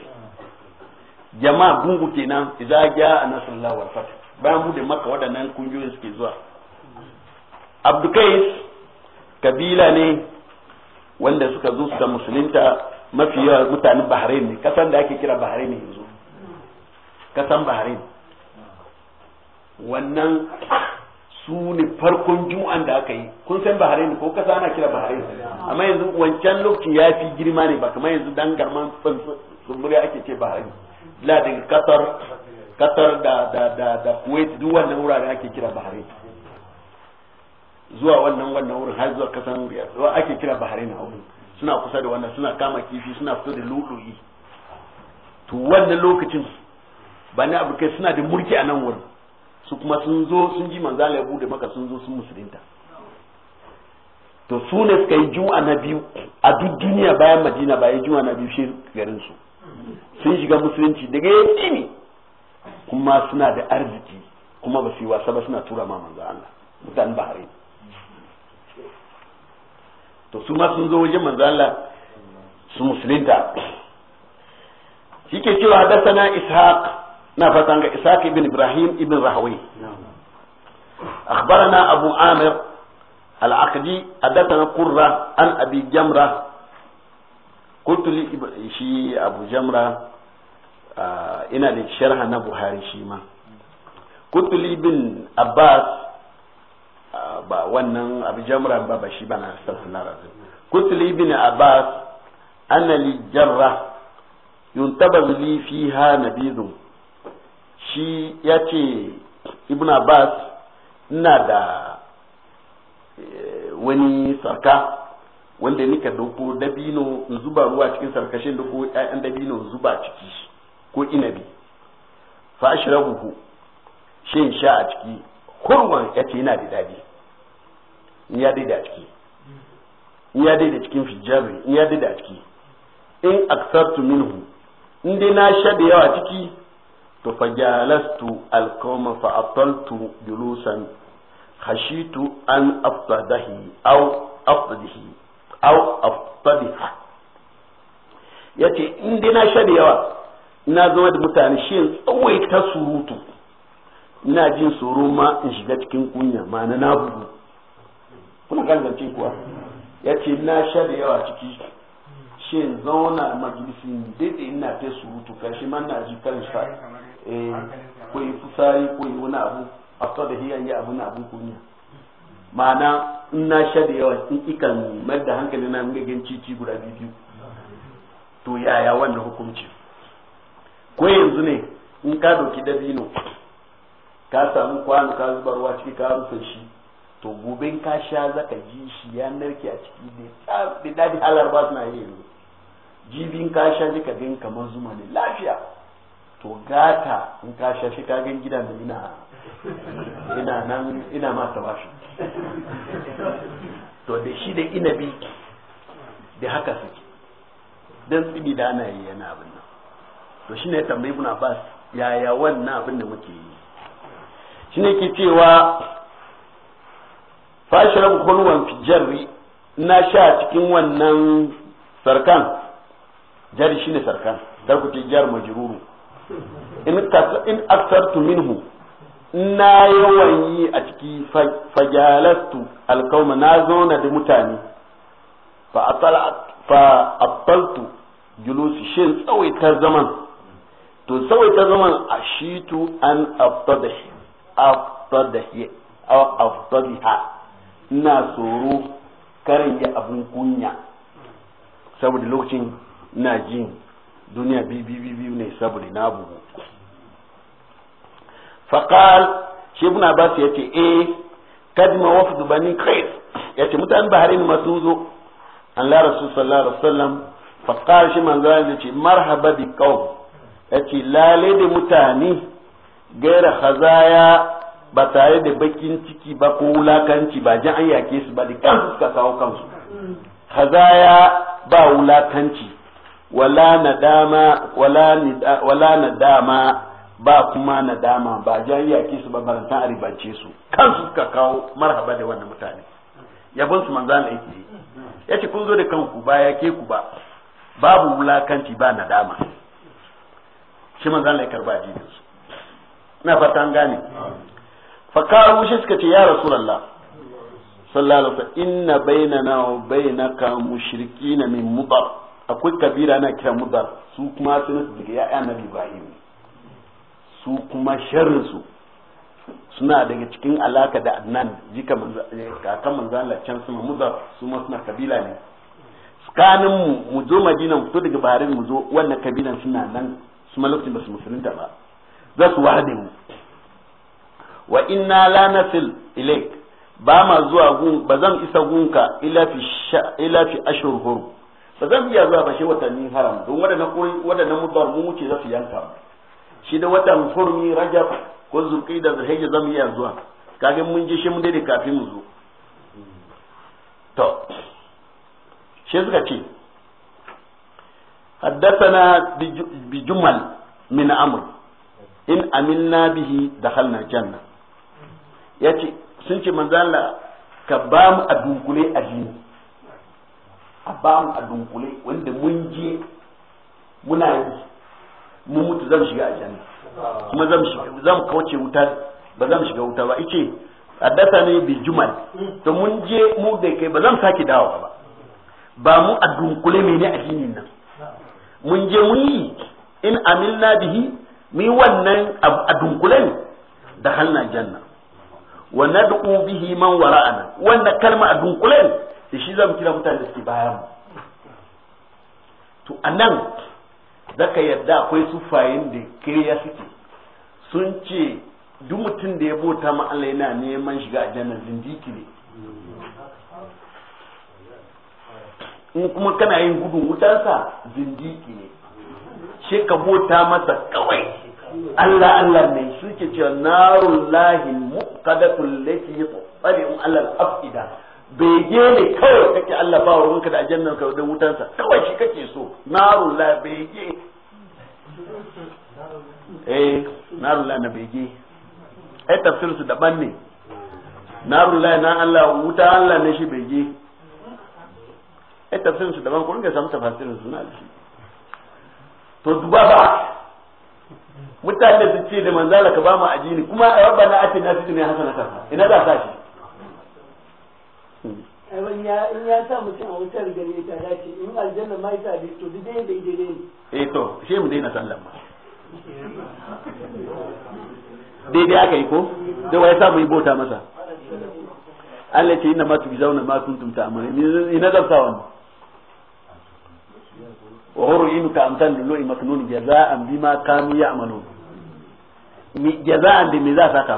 jama'a gungu kenan idza jaa nasrullahi wal fath bayan mu da makka waɗannan kungiyoyin suke zuwa abdukais kabila ne wanda suka zo suka musulunta mafi yawa mutanen bahrain ne kasan da ake kira bahrain yanzu kasan bahrain wannan su ne farkon juma'an da aka yi kun san bahrain ko kasa ana kira bahrain amma yanzu wancan lokaci ya fi girma ne ba kamar yanzu dan garman tsumburi ake ce bahrain la daga qatar qatar da da da kuwait duk wannan wurare ake kira bahrain zuwa wannan wannan wurin har zuwa kasan zuwa ake kira bahari na wurin suna kusa da wannan suna kama kifi suna fito da luluyi to wannan lokacin ba na abu kai suna da murki a nan wurin su kuma sun zo sun ji manzo Allah ya bude maka sun zo sun musulunta to su ne suka yi juma'a na biyu a duk duniya bayan madina ba yi juma'a na biyu shi garin su sun shiga musulunci daga ne kuma suna da arziki kuma ba su yi wasa ba suna tura ma manzo Allah mutanen Bahrain to su ma sun zo wajen manzo Allah su musulunta yake cewa hadathana ishaq na fatan ga ishaq ibn ibrahim ibn rahawi اخبرنا ابو عامر العقدي حدثنا قرة kurra ابي جمره قلت لي شي ابو جمره آه انا للشرح انا بخاري شيما قلت لي ابن عباس ba wannan abu jamra ba ba shi ba na sallallahu alaihi wasallam kutli ibn abbas anna li jarra yuntabaz li fiha nabidun shi yace ibn abbas ina da eh, wani sarka wanda nika dauko dabino in zuba ruwa cikin sarkashin dauko ƴaƴan dabino in zuba ciki ko inabi fa ashrabuhu shin sha a ciki kurwan ya ce yana da daɗi in ya daida a ciki in ya daida cikin fijabi in ya daida a ciki in aksartu minhu in dai na sha da yawa ciki to fa jalastu alqawma fa ataltu julusan khashitu an aftadahi aw aftadihi aw aftadiha yace in dai na sha da yawa na zama da mutane shi in tsawaita surutu ina jin tsoro ma in shiga cikin kunya ma na na bugu kuna kan kuwa ya ce na sha da yawa ciki shi in zauna majalisi daidai ina ta surutu karshe ma na ji kan sha eh, ko yi fusari ko yi wani abu after da hiyan yi abu na abun kunya ma'ana in na sha da yawa in ikan mai da hankali na gagen cici guda biyu to yaya wanda hukunci ko yanzu ne in ka doki dabino ka samu kwano ka ruwa ciki ka rufe shi to goben ka sha zaka ji shi ya narke a ciki da dadi halar ba suna yi yanzu jibin ka sha ji ka gan kamar zuma ne lafiya to gata in ka sha shi ka gan gidan da ina ina nan ina ma ta to da shi da inabi da haka suke dan tsibi da ana yi yana abin nan to shine tambayi ibn Abbas yaya wannan abin da muke yi ne ke cewa fashirar kulwan fijarri na sha cikin wannan sarkan jari shi ne sarkan da ku jar majiruru in kasa in aksartu minhu na yawan yi a ciki fajalastu alkauma na zauna da mutane fa abbaltu julusi shin tsawaitar zaman to tsawaitar zaman ashitu an shi. aftadiha ina tsoro karin ya abin kunya saboda lokacin na jin duniya biyu ne saboda na bugu faƙal shi ibn abbas ya ce eh kadma wafdu bani qais ya ce mutanen baharin masu zo an la rasul sallallahu alaihi wasallam faƙal shi manzo ya ce marhaba bi qaum ya ce lale da mutane gaira hazaya ba tare da bakin ciki ba ko wulakanci ba ji an yake su ba da kansu suka kawo kansu hazaya ba wulakanci wala nadama wala wala nadama ba kuma nadama ba an yake su ba barantan a ribance su kansu suka kawo marhaba da wannan mutane yabon su manzo Allah yake yace kun zo da kanku ba yake ku ba babu wulakanci ba nadama shi manzo Allah ya karba jinin su na fata an gane fakaru shi suka ce ya rasulullah sallallahu alaihi inna bainana wa bainaka mushrikina min mudar akwai kabira na kira mudar su kuma sun su daga ya'ya na ibrahim su kuma sharrin su suna daga cikin alaka da adnan jika eh, kakan manzo Allah can suna mudar su ma suna kabila ne tsakanin mu mu zo madina mu fito daga baharin mu zo wannan kabilan suna nan su ma lokacin ba su musulunta ba za su wahade mu wa inna la nasil ilaik ba ma zuwa gun ba zan isa gunka ila fi ila fi ashhur ba zan iya zuwa ba shi watanni haram don wadannan kuri wadannan mudar mu muke za su yanka shi da watan hurmi rajab ko zulqa'ida zulhijja zan iya zuwa kage mun je shi mun dai kafin mu zo to shi suka ce حدثنا بجمل من أمر in aminna bihi dakhalna janna yace sun ce manzo Allah ka ba mu a dunkule addini a ba mu a dunkule wanda mun je muna yi mun mutu zan shiga janna kuma zan zan kauce wuta ba zan shiga wuta ba ice haddasa ne bi jumal to mun je mu da kai ba zan sake dawo ba ba mu a dunkule mene addinin nan mun je mun yi in amilna bihi mi wannan a dunkulen da halna janna wa nad'u bihi man wara'ana wannan kalma a dunkulen da shi zamu kira mutane da suke bayan to anan zaka yarda akwai sufayin da kiriya suke sun ce duk mutum da ya bota ma Allah yana neman shiga aljanna zindiki ne in kuma kana yin gudun wutarsa zindiki ne shi ka bota masa kawai Allah Allah mai suke cewa narun lahin muqaddatul tsari tsari'un Allah afida bege ne kawai kake Allah ba wa ruwanka da aljannan ka da wutansa kawai shi kake so narun la bege eh narun la na bege ai tafsirin su daban ne narun la na Allah wuta Allah ne shi bege ai tafsirin su daban ku ringa samu tafsirin su na alshi to duba ba mutane su ce da manzala ka ba mu ajini kuma a yaba na ake na fito ne hasanata ina za sa shi in ya sa mutum a wutar gare ta dace in aljanna ma ita bi to dai dai dai dai eh to she mu daina sallan ma daidai aka yi ko da wai sa mu yi bota masa Allah ce ina ma tu bizawna ma tuntumta amma ina zan sa wannan wa hurrimu ka amsal lulu maknun jaza'an bima kanu ya'malun mi jaza'an bi me za a sa ka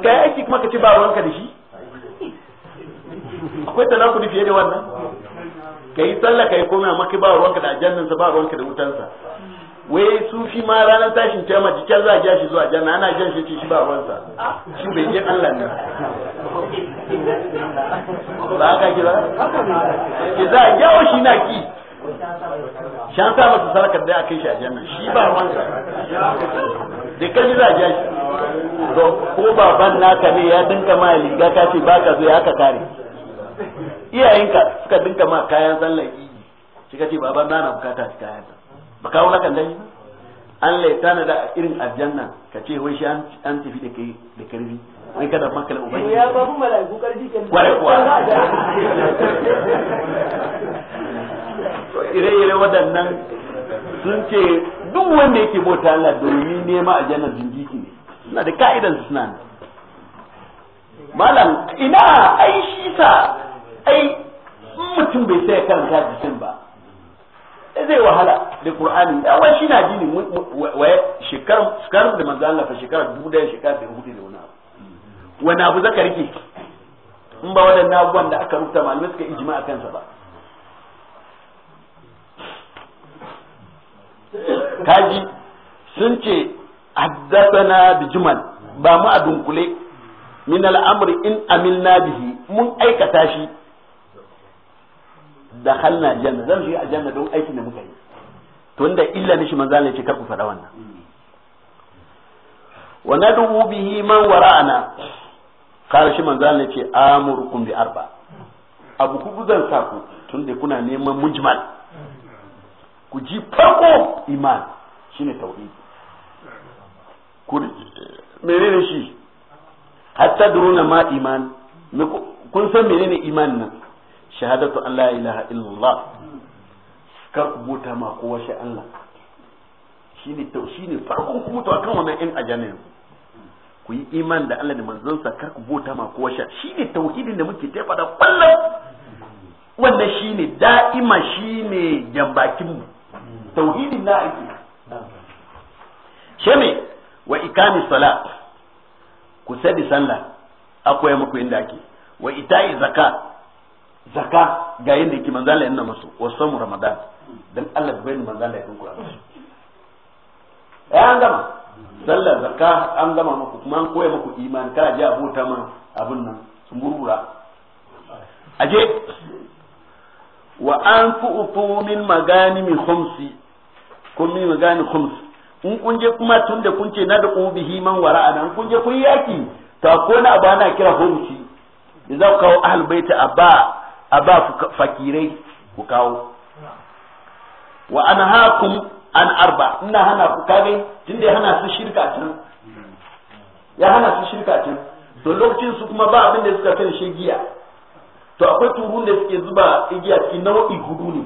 kai aiki kuma ka ci ba ruwanka da shi akwai tanakudi fiye da wannan ka yi sallah ka yi komai amma ka ba ka da ajannan sa ba ka da wutansa wai fi ma ranar tashin kiyama jikin za a ja shi zuwa janna ana jan shi shi ba ruwansa shi bai ji Allah ne ba ka ki ba ki za a gyawo shi na ki shi an sa masa sarakar da ya kai shi a janna shi ba ruwansa da kai za a ja shi to ko baban naka ne ya dinka ma liga ka ce baka zo ya ka kare iyayenka suka dinka ma kayan sallan iji shi ka ce baban na na bukata shi kayan ba kawo lakan dai an laitana da irin aljanna ka ce wai shi an tafi da kai da karfi wai kada da ubangiji ya ba mu malaiku karfi kan kware kuwa ire-ire waɗannan sun ce duk wanda yake bauta Allah domin nema aljanna zindiki ne suna da ka'idan su suna malam ina ai shi sa ai mutum bai sai karanta jikin ba zai wahala da qur'ani da wai shi na jini wai shekar shekar da manzo Allah fa shekar dubu da shekar da hudu da wani abu wani abu zaka rike in ba wadannan abubuwan da aka rubuta malamai suka ijma a kansa ba kaji sun ce haddathana bi jumal ba mu a dunkule min al'amri in amilna bihi mun aikata shi da halna janna zan shiga aljanna don aikin da muka yi tun da illa ne shi manzo Allah ce kar ku faɗa wannan wa nadu bihi man wara'ana kare shi manzo Allah ce amurukum bi arba abu ku zan sa ku tun da kuna neman mujmal ku ji farko iman shine tauhid ku menene shi hatta duruna ma iman kun san menene iman shahadatu an la ilaha illallah kar ku buta ma kowa shi Allah shine to shine farkon ku buta akan wannan in ajanin ku yi iman da Allah da manzonsa kar ku buta ma kowa shi shine tauhidin da muke tafa da kullum wanda shine da'ima shine jambakin mu tauhidin na ake sheme wa ikami salat ku sadi sallah akwai muku inda ake wa ita'i zakat zaka ga yadda yake manzo Allah yana masu wasan Ramadan dan Allah bai ni manzo Allah ya kunkura musu ya eh, an gama sallar zaka an gama muku kuma an koya muku imani kada je abota mana abin nan sun burbura aje wa an fu'tu min magani min khumsi kun min magani khumsi in kun je kuma tun da kun ce na da bihi man a nan kun je kun yaki to ko na ba na kira khumsi idan kawo ahlul baiti abba Aba ba fakirai ku kawo wa an hakum an arba ina hana ku kage tunda ya hana su shirka can ya hana su shirka can to lokacin su kuma ba abin da suka sani shi giya to akwai turun da suke zuba igiya cikin nau'i hudu ne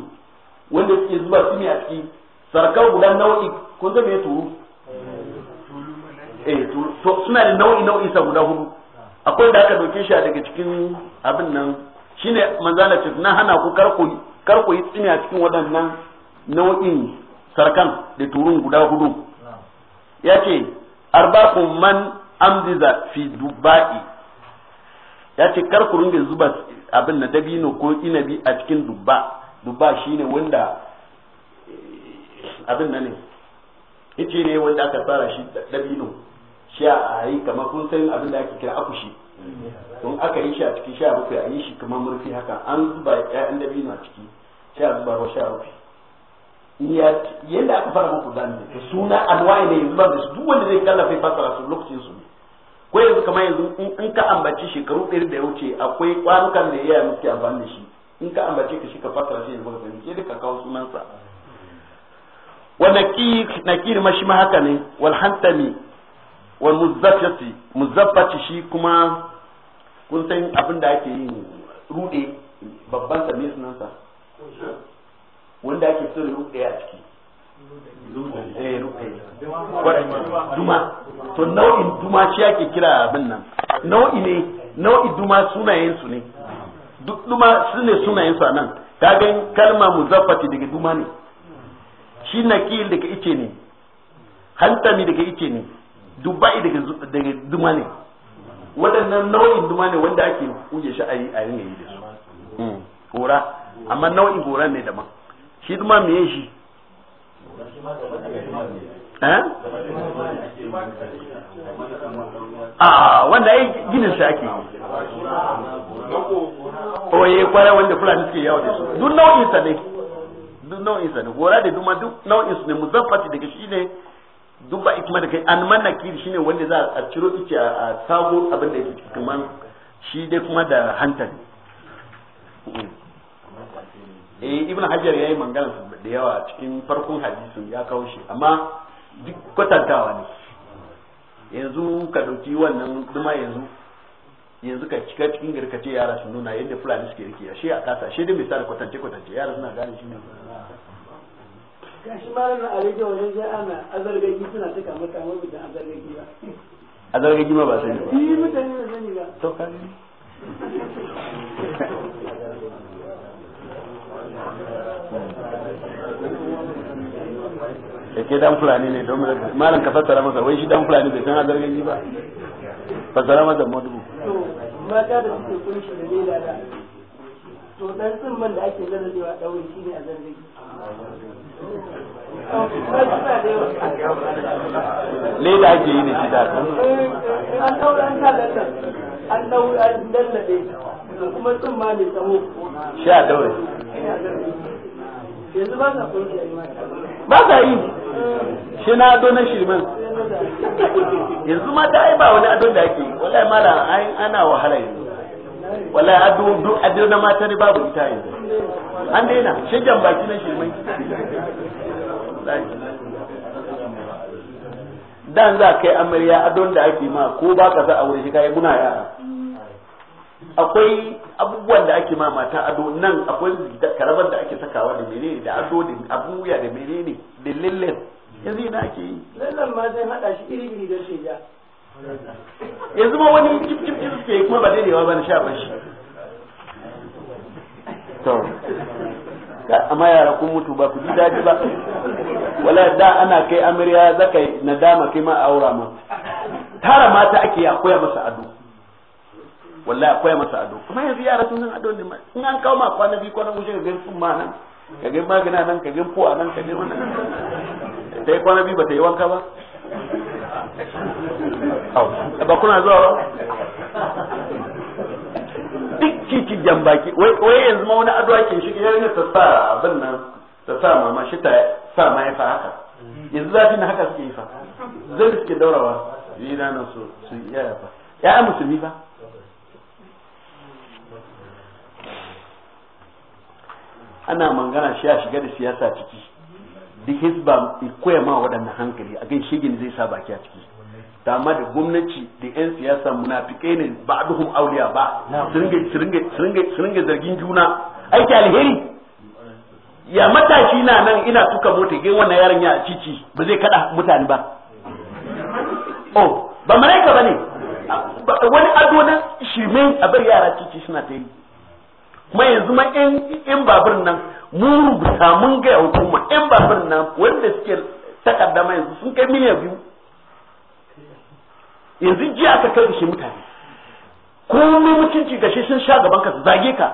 wanda suke zuba su ne a ciki sarkar guda nau'i kun zama ya turu eh to suna da nau'i nau'i sa guda hudu akwai da aka dauke shi daga cikin abin nan shine manzala ce na hana ku kar ku yi tsini a cikin waɗannan nau'in sarkan da turun guda hudu ya ce arbakun man amdiza fi dubai ya ce kar ku zuba abin na dabino ko inabi a cikin dubba dubba shine wanda eh, abin nan ne ice ne wanda aka tsara shi dabino shi a yi kamar kun san abin da ake kira akushi in aka yi shi a ciki sha rufe a yi shi kamar murfi haka an zuba ƴaƴan biyu a ciki sha zuba ruwa sha rufe yadda aka fara muku zan ne suna alwaye ne yanzu ba da duk wanda zai kallafa fasara su lokacin su ne ko yanzu kamar yanzu in ka ambaci shekaru ɗari da ya wuce akwai kwanukan da ya muke amfani da shi in ka ambaci ka shi ka fasara shi yanzu ba ka ke duka kawo sunansa wa nakir nakir ma shi ma haka ne wal hantami wal muzaffati muzaffati shi kuma kun san abin da ake yi rude babban sa ne sa wanda ake so rude a ciki eh, duma to nau'in duma shi ake kira abin nan nau'i ne nau'i duma sunayen su ne duk duma su ne sunayen su nan nan kagan kalma muzaffati daga duma ne shi nakil daga ice ne hantami daga ice ne dubai daga duma ne waɗannan nau'in duma ne wanda ake kuje shi a yi a yi da su gora hmm, amma nau'in gora ne daban shi duma me yin shi eh? a ah, wanda ai ginin sa ake oye kwara wanda fulani suke yawo da su duk nau'in sa ne duk nau'in sa ne hora da duma duk nau'in su ne muzaffati daga shi ne duk ba ikma da kai an manna kiri shine wanda za a ciro ice a sago abin da yake cikin shi dai kuma da hanta ne eh ibn hajar yayi mangana da yawa cikin farkon hadisi ya kawo shi amma duk kwatantawa ne yanzu ka dauki wannan duma yanzu yanzu ka cika cikin garkace yara su nuna yadda fulani suke rike shi a kasa shi dai misali kwatance kwatance yara suna gane shi ne gashi malamin ba ma ba sani ba yi mutane sani ba to ke dan fulani ne don malam ka fassara masa wai shi dan fulani bai san ba fassara masa modubu mata da suke kunshi da to dan tsumman da ake zarrabewa ɗaure shi ne a zarrabe leda ake yi da shi da eh, an ɗaure an kalata an ɗaure an dallabe kuma sun tsumma mai shi sha ɗaure yanzu ba sa kunshi a yi mata ba sa yi shi na ado na shirman eh, yanzu mata ai ba wani adon da ake yi wallahi mala ana wahala yanzu wala ado duk ado na mata ne babu ita yanzu an daina shagen baki na shirmai dan za kai amarya adon da ake ma ko ba ka za a shi kai muna yara akwai abubuwan da ake ma mata ado nan akwai karabar da ake sakawa da menene da ado da abuya da menene da lillin yanzu ina ake yi lallan ma zai hada shi iri iri da shega yanzu ma wani cip cip cip suke kuma ba daidaiwa ba na sha shi. to amma yara kun mutu ba ku ji daji ba wala da ana kai amarya zaka nadama kai ma aura ma tara mata ake akwai masa ado wallahi akwai masa ado kuma yanzu yara sun san ado ne ma in an kawo ma kwana biyu kwana uku ga sun ma nan ka ga magana nan ka ga po nan ka ga wannan sai kwana biyu ba ta yi wanka ba ba kuna zuwa ba duk titi jambaki wai yanzu ma wani addu'a ke shi ya ta sa abin nan ta sa mama shi ta sa ma ya haka yanzu zafi na haka suke yi fa zai suke daurawa yi na su su iya fa ya'ya musulmi fa ana mangana shi ya shiga da siyasa ciki duk hisba koya ma waɗannan hankali a gan shigin zai sa baki a ciki da da gwamnati da yan siyasa munafikai ne ba duhun auliya ba su ringa zargin juna aiki alheri ya matashi na nan ina tuka mota gai wannan yaron ya cici ba zai kada mutane ba oh ba malaika ba ne wani ado na shirme a bar yara cici suna ta yi kuma yanzu ma in babur nan mun rubuta mun ga hukuma in babur nan wanda suke takarda ma yanzu sun kai miliyan biyu yanzu jiya aka kai shi mutane komai mutunci gashi sun sha gaban ka zage ka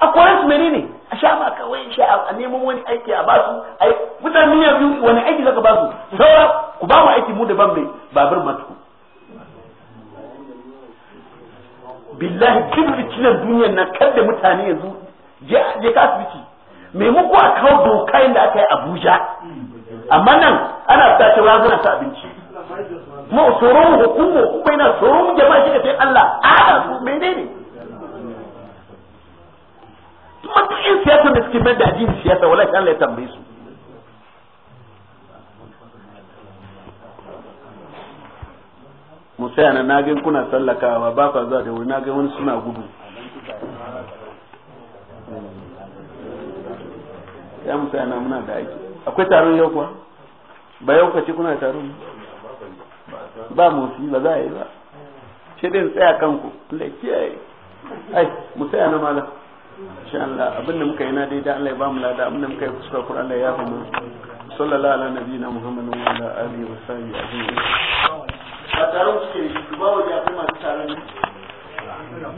a su menene a sha ma kawai sha a neman wani aiki a basu ai mutane miliyan biyu wani aiki zaka basu saura ku ba mu aiki mu da ban mai babur matuku billahi duk na duniyar na kar da mutane yanzu je ka asibiti muku a kawo doka da aka yi abuja amma nan ana sa ta razana ta abinci mu tsoron hukumu kuma yana tsoron jama'a shi sai Allah a su menene kuma duk in siyasa da suke da addini siyasa wala shi Allah ya tambaye su musaya na nagin kuna sallakawa ba ka zuwa da wuri nagin wani suna gudu ya musayana na muna da aiki akwai taron yau kuwa ba yau ka ce kuna taron ne ba motsi ba za a yi ba shi din tsaya kanku Allah kiyaye ai mu tsaya na mala insha Allah abinda muka yi na daidai Allah ya ba mu lada abinda muka yi kuskure kuran Allah ya fama sallallahu ala na muhammadu wa ala alihi wa sahbihi ajma'in ba taron cikin shi ba masu taron